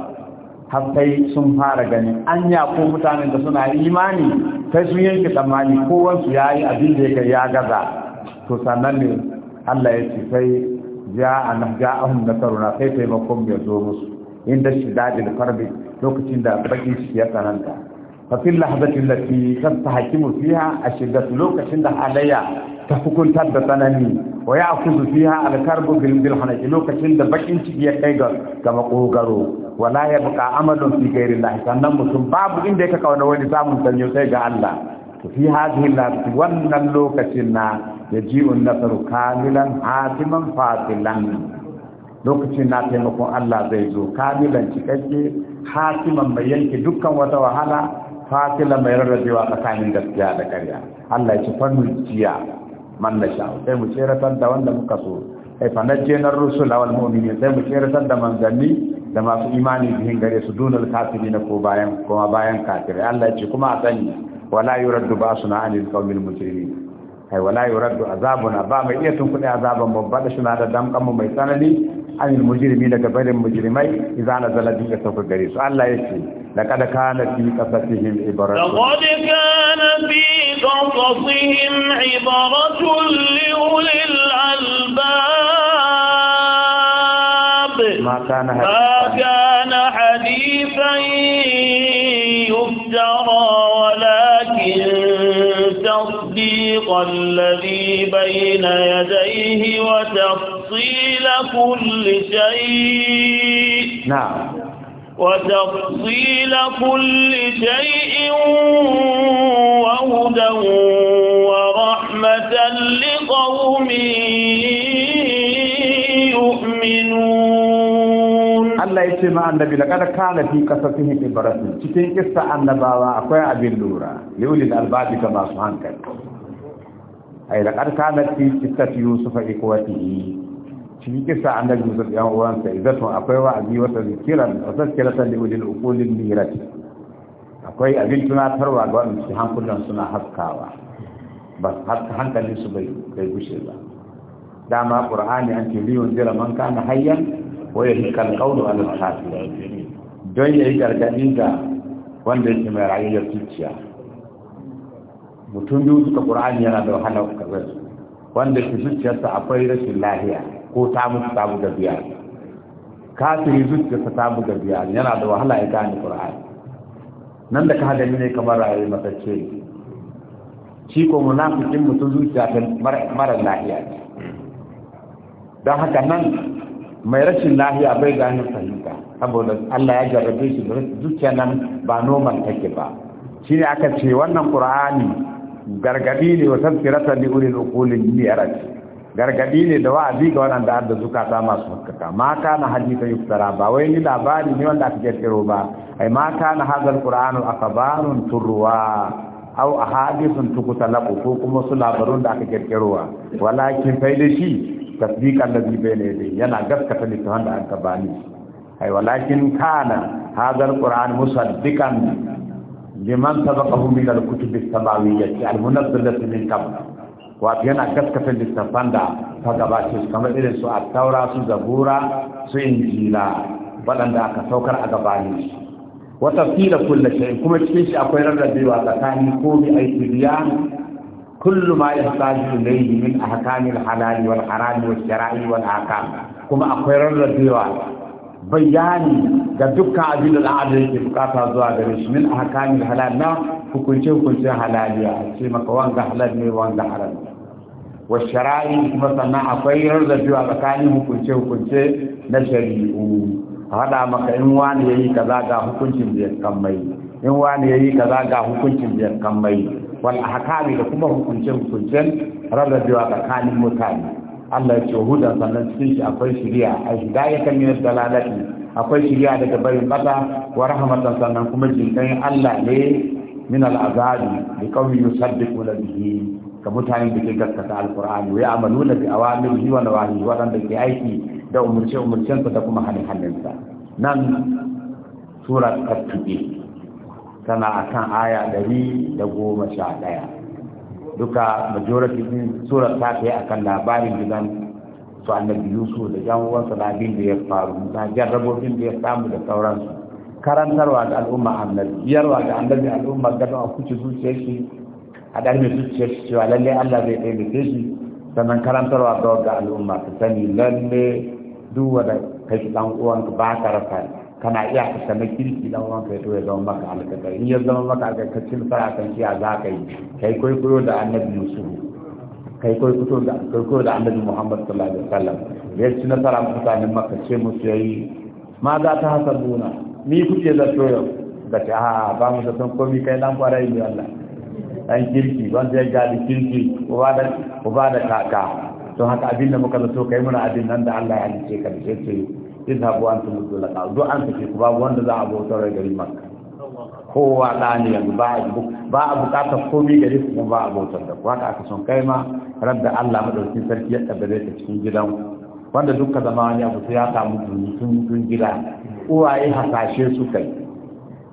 har sai sun fara gani anya ko mutanen da suna imani sai sun yanke tsammani kowansu ya yi abin da ya gaza to sannan ne Allah ya ce sai ja'a nahja'ahum nasaruna sai taimakon ya zo musu inda shidadil farbi lokacin da bakin shi ya tsananta fa fil lahzati allati tastahkimu fiha ashiddatu lokacin da halayya ta hukuntar da tsanani wa ya'khudhu fiha al-karbu bil bilhanaki lokacin da bakin ciki ya kai ga ga makogaro wala yabqa amalun fi ghairi Allah sannan mutum babu inda yake kauna wani samun sanyo sai ga Allah to fi hadhihi lati wannan lokacin na yaji'u nasaru kamilan hatiman fatilan lokacin na taimakon Allah zai zo kamilan cikakke hatiman mai yanke dukkan wata wahala fatila mai rarrabewa tsakanin gaskiya da ƙarya Allah ya ci fannin jiya man na sai mu tseratar da wanda muka so ai fa najjenar rusul wal mu'minin sai mu tseratar da manzanni da masu imani bihin gare su dunal kafirin ko bayan kuma bayan kafirai Allah ya ci kuma a sani ولا يرد باسنا عن القوم المجرمين اي ولا يرد عذابنا بما يتم إيه كل عذاب مبدا شنا ده دم كم مي سنني عن المجرمين كبير المجرمي اذا نزل دي سوف غري الله يسي لقد كان في قصصهم عبرة لقد كان في قصصهم عبرة لأولي الألباب ما كان حديثا يفترى ولا وتصديق الذي بين يديه وتفصيل كل شيء نعم وتفصيل كل شيء وهدى ورحمة لقوم يؤمنون الله يسمع النبي لقد كان في قصته في برسل تتنكس عن بابا أخوة أبي اللورة لأولي الألباب كما سبحانك ai da kan na fi kisat yusufa ikwati cikin kisa an annabi yusuf yan uwansa izatun akwai wa wa'azi wata zikiran wa tazkiratan da ulil ukulin mirati akwai abin tunatarwa ga wannan su hankulan suna haskawa ba hankalin su bai bai gushe ba dama qur'ani an ce liyun jira man kana hayyan wa yahkan qawlu al-kafir don yayi gargadi ga wanda yake mai rayuwar zuciya mutum biyu suka qur'ani yana da wahala karɓar su wanda su zuciyarsa akwai rashin lahiya ko ta mutu ta buga biya kafiri zuciyarsa ta buga biya yana da wahala ya gane qur'ani nan da ka hadari ne kamar rayuwar matacce shi ko munafikin mutum zuciya ta mara lahiya don haka nan mai rashin lahiya bai gane fahimta saboda Allah ya jarrabe shi zuciya nan ba noman take ba shi ne aka ce wannan ƙura'ani gargadi ne wa tafsiratan li ulil uqulin mi'raj gargadi ne da wa'azi ga wanda har da zukata masu hakkaka ma kana hadithan yuftara ba wai ni labari ne wanda aka kirkiro ba ai ma kana hadal qur'anu akabarun turwa aw ahadithun tukutalaqu ko kuma su labarun da aka wa walakin fa da shi tasdiq allazi bai ne yana gaskata littafin da aka bani ai walakin kana hadal qur'an musaddiqan liman sabaqahu min al-kutub as-samawiyyah al-munazzalati min qabl wa yana gaskata littafan da ta gabace su kamar irin su at-taura su zabura su injila waɗanda aka saukar a gabanin shi wa tafsira kullu shay kuma cikin shi akwai rarrabewa tsakanin ko bi ay tibyan kullu ma yahtaju ilayhi min ahkamil halal wal haram wal shara'i wal ahkam kuma akwai rarrabewa bayani ga dukkan abin da al'adar ke bukata zuwa gare shi min kamil halal na hukunce hukunce halaliya ce maka wanga halal ne wanga haram wa shara'i kuma sannan akwai rarrabewa tsakanin hukunce hukunce na shari'u a haɗa maka in wani ya yi kaza ga hukuncin da ya mai. in wani ya yi kaza ga hukuncin da ya kammai wal ahkami da kuma hukunce hukuncen rarrabewa tsakanin mutane Allah ya ce hudan sannan cikin shi akwai shari'a hidaya kan yin dalalati akwai shari'a daga barin bata wa rahmatan sannan kuma jinkan Allah ne min al'azabi da kawai yusaddiqu bihi Ka mutanen da ke gaskata alqur'ani wa ya'maluna bi awamirihi wa nawahihi da ke aiki da umurce umurcensa da kuma hanin halinsa nan sura at tana akan aya 111 duka majority din surar ta kai akan labarin gidan su annabi yusuf da yan uwansa da abin da ya faru da jarrabobin da ya samu da sauransu karantarwa ga al'umma annabi yarwa ga annabi al'umma ga a kuce zuciyar shi a da mai zuciyar shi cewa lalle Allah zai taimake shi sannan karantarwa ga al'umma ta sani lalle duk wanda kai dan uwanka ba ka rasa kana iya ka sami kirki dan wanka ya ya zama maka alkaka in ya zama maka alkaka cin fara kan shi a za ka yi kai kwaikwayo da annabi yusuf kai kwaikwayo da kwaikwayo da annabi muhammad sallallahu alaihi wasallam ya ci nasara mutanen maka ce musu yayi ma za ta hasabuna ni kuke zato yau ga ce a ba mu san komi kai dan kwarai ne Allah dan kirki wanda ya gadi kirki uba da uba da kaka to haka abin da muka zato kai muna abin nan da Allah ya ce ka da ce izhabu antum mutlaqa duk an take ku babu wanda za a bautar gari makka kowa da ne yanzu ba a bukatar komi gari ku ba a bautar da ku haka aka son kai ma radda Allah madaukakin sarki ya kaddare ka cikin gidan wanda duka zama wani abu sai ya samu tun tun gida uwaye hasashe su kai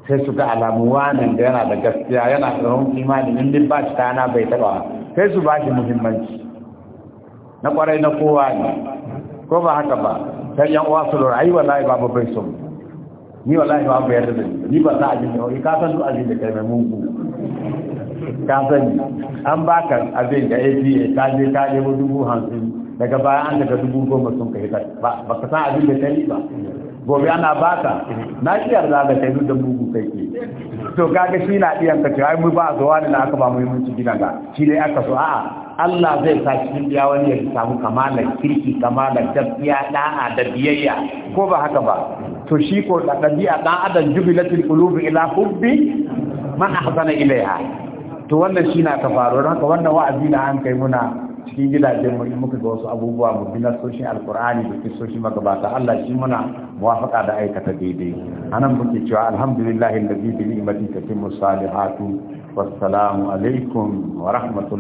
sai su ga alamu wannan da yana da gaskiya yana tsaron imani in din ba shi kana bai taba sai su ba shi muhimmanci na kwarai na kowa ne ko ba haka ba dan yan uwa su lura ai wallahi babu bai so ni wallahi babu yarda da ni ba za a ji ne ka san duk abin da kai mai mungu ka sani an ka abin da APA ka je ka nemo dubu hamsin daga baya an daga dubu goma sun kai ba ka san abin da kai ba gobe ana baka na shi yarda ga shaidu da bugu kai ke to kaga shi na iya ka cewa mu ba zuwa ne na aka ba muhimmanci gina ga shi ne aka so a'a Allah zai sa cikin biya wani ya samu kamalar kirki kamalar tafiya da'a da biyayya ko ba haka ba to shi ko da dabi'a ɗan adam jubilatul qulubi ila hubbi man ahzana ilaiha to wannan shi na ta faru haka wannan wa'azi na an kai muna cikin gidajen mu muka ga wasu abubuwa mu bi nasoshin alkur'ani da kisoshin magabata Allah shi muna muwafaka da aikata daidai anan muke cewa alhamdulillahi allazi bi ni'matihi tatimmu salihatu wassalamu alaikum wa rahmatullahi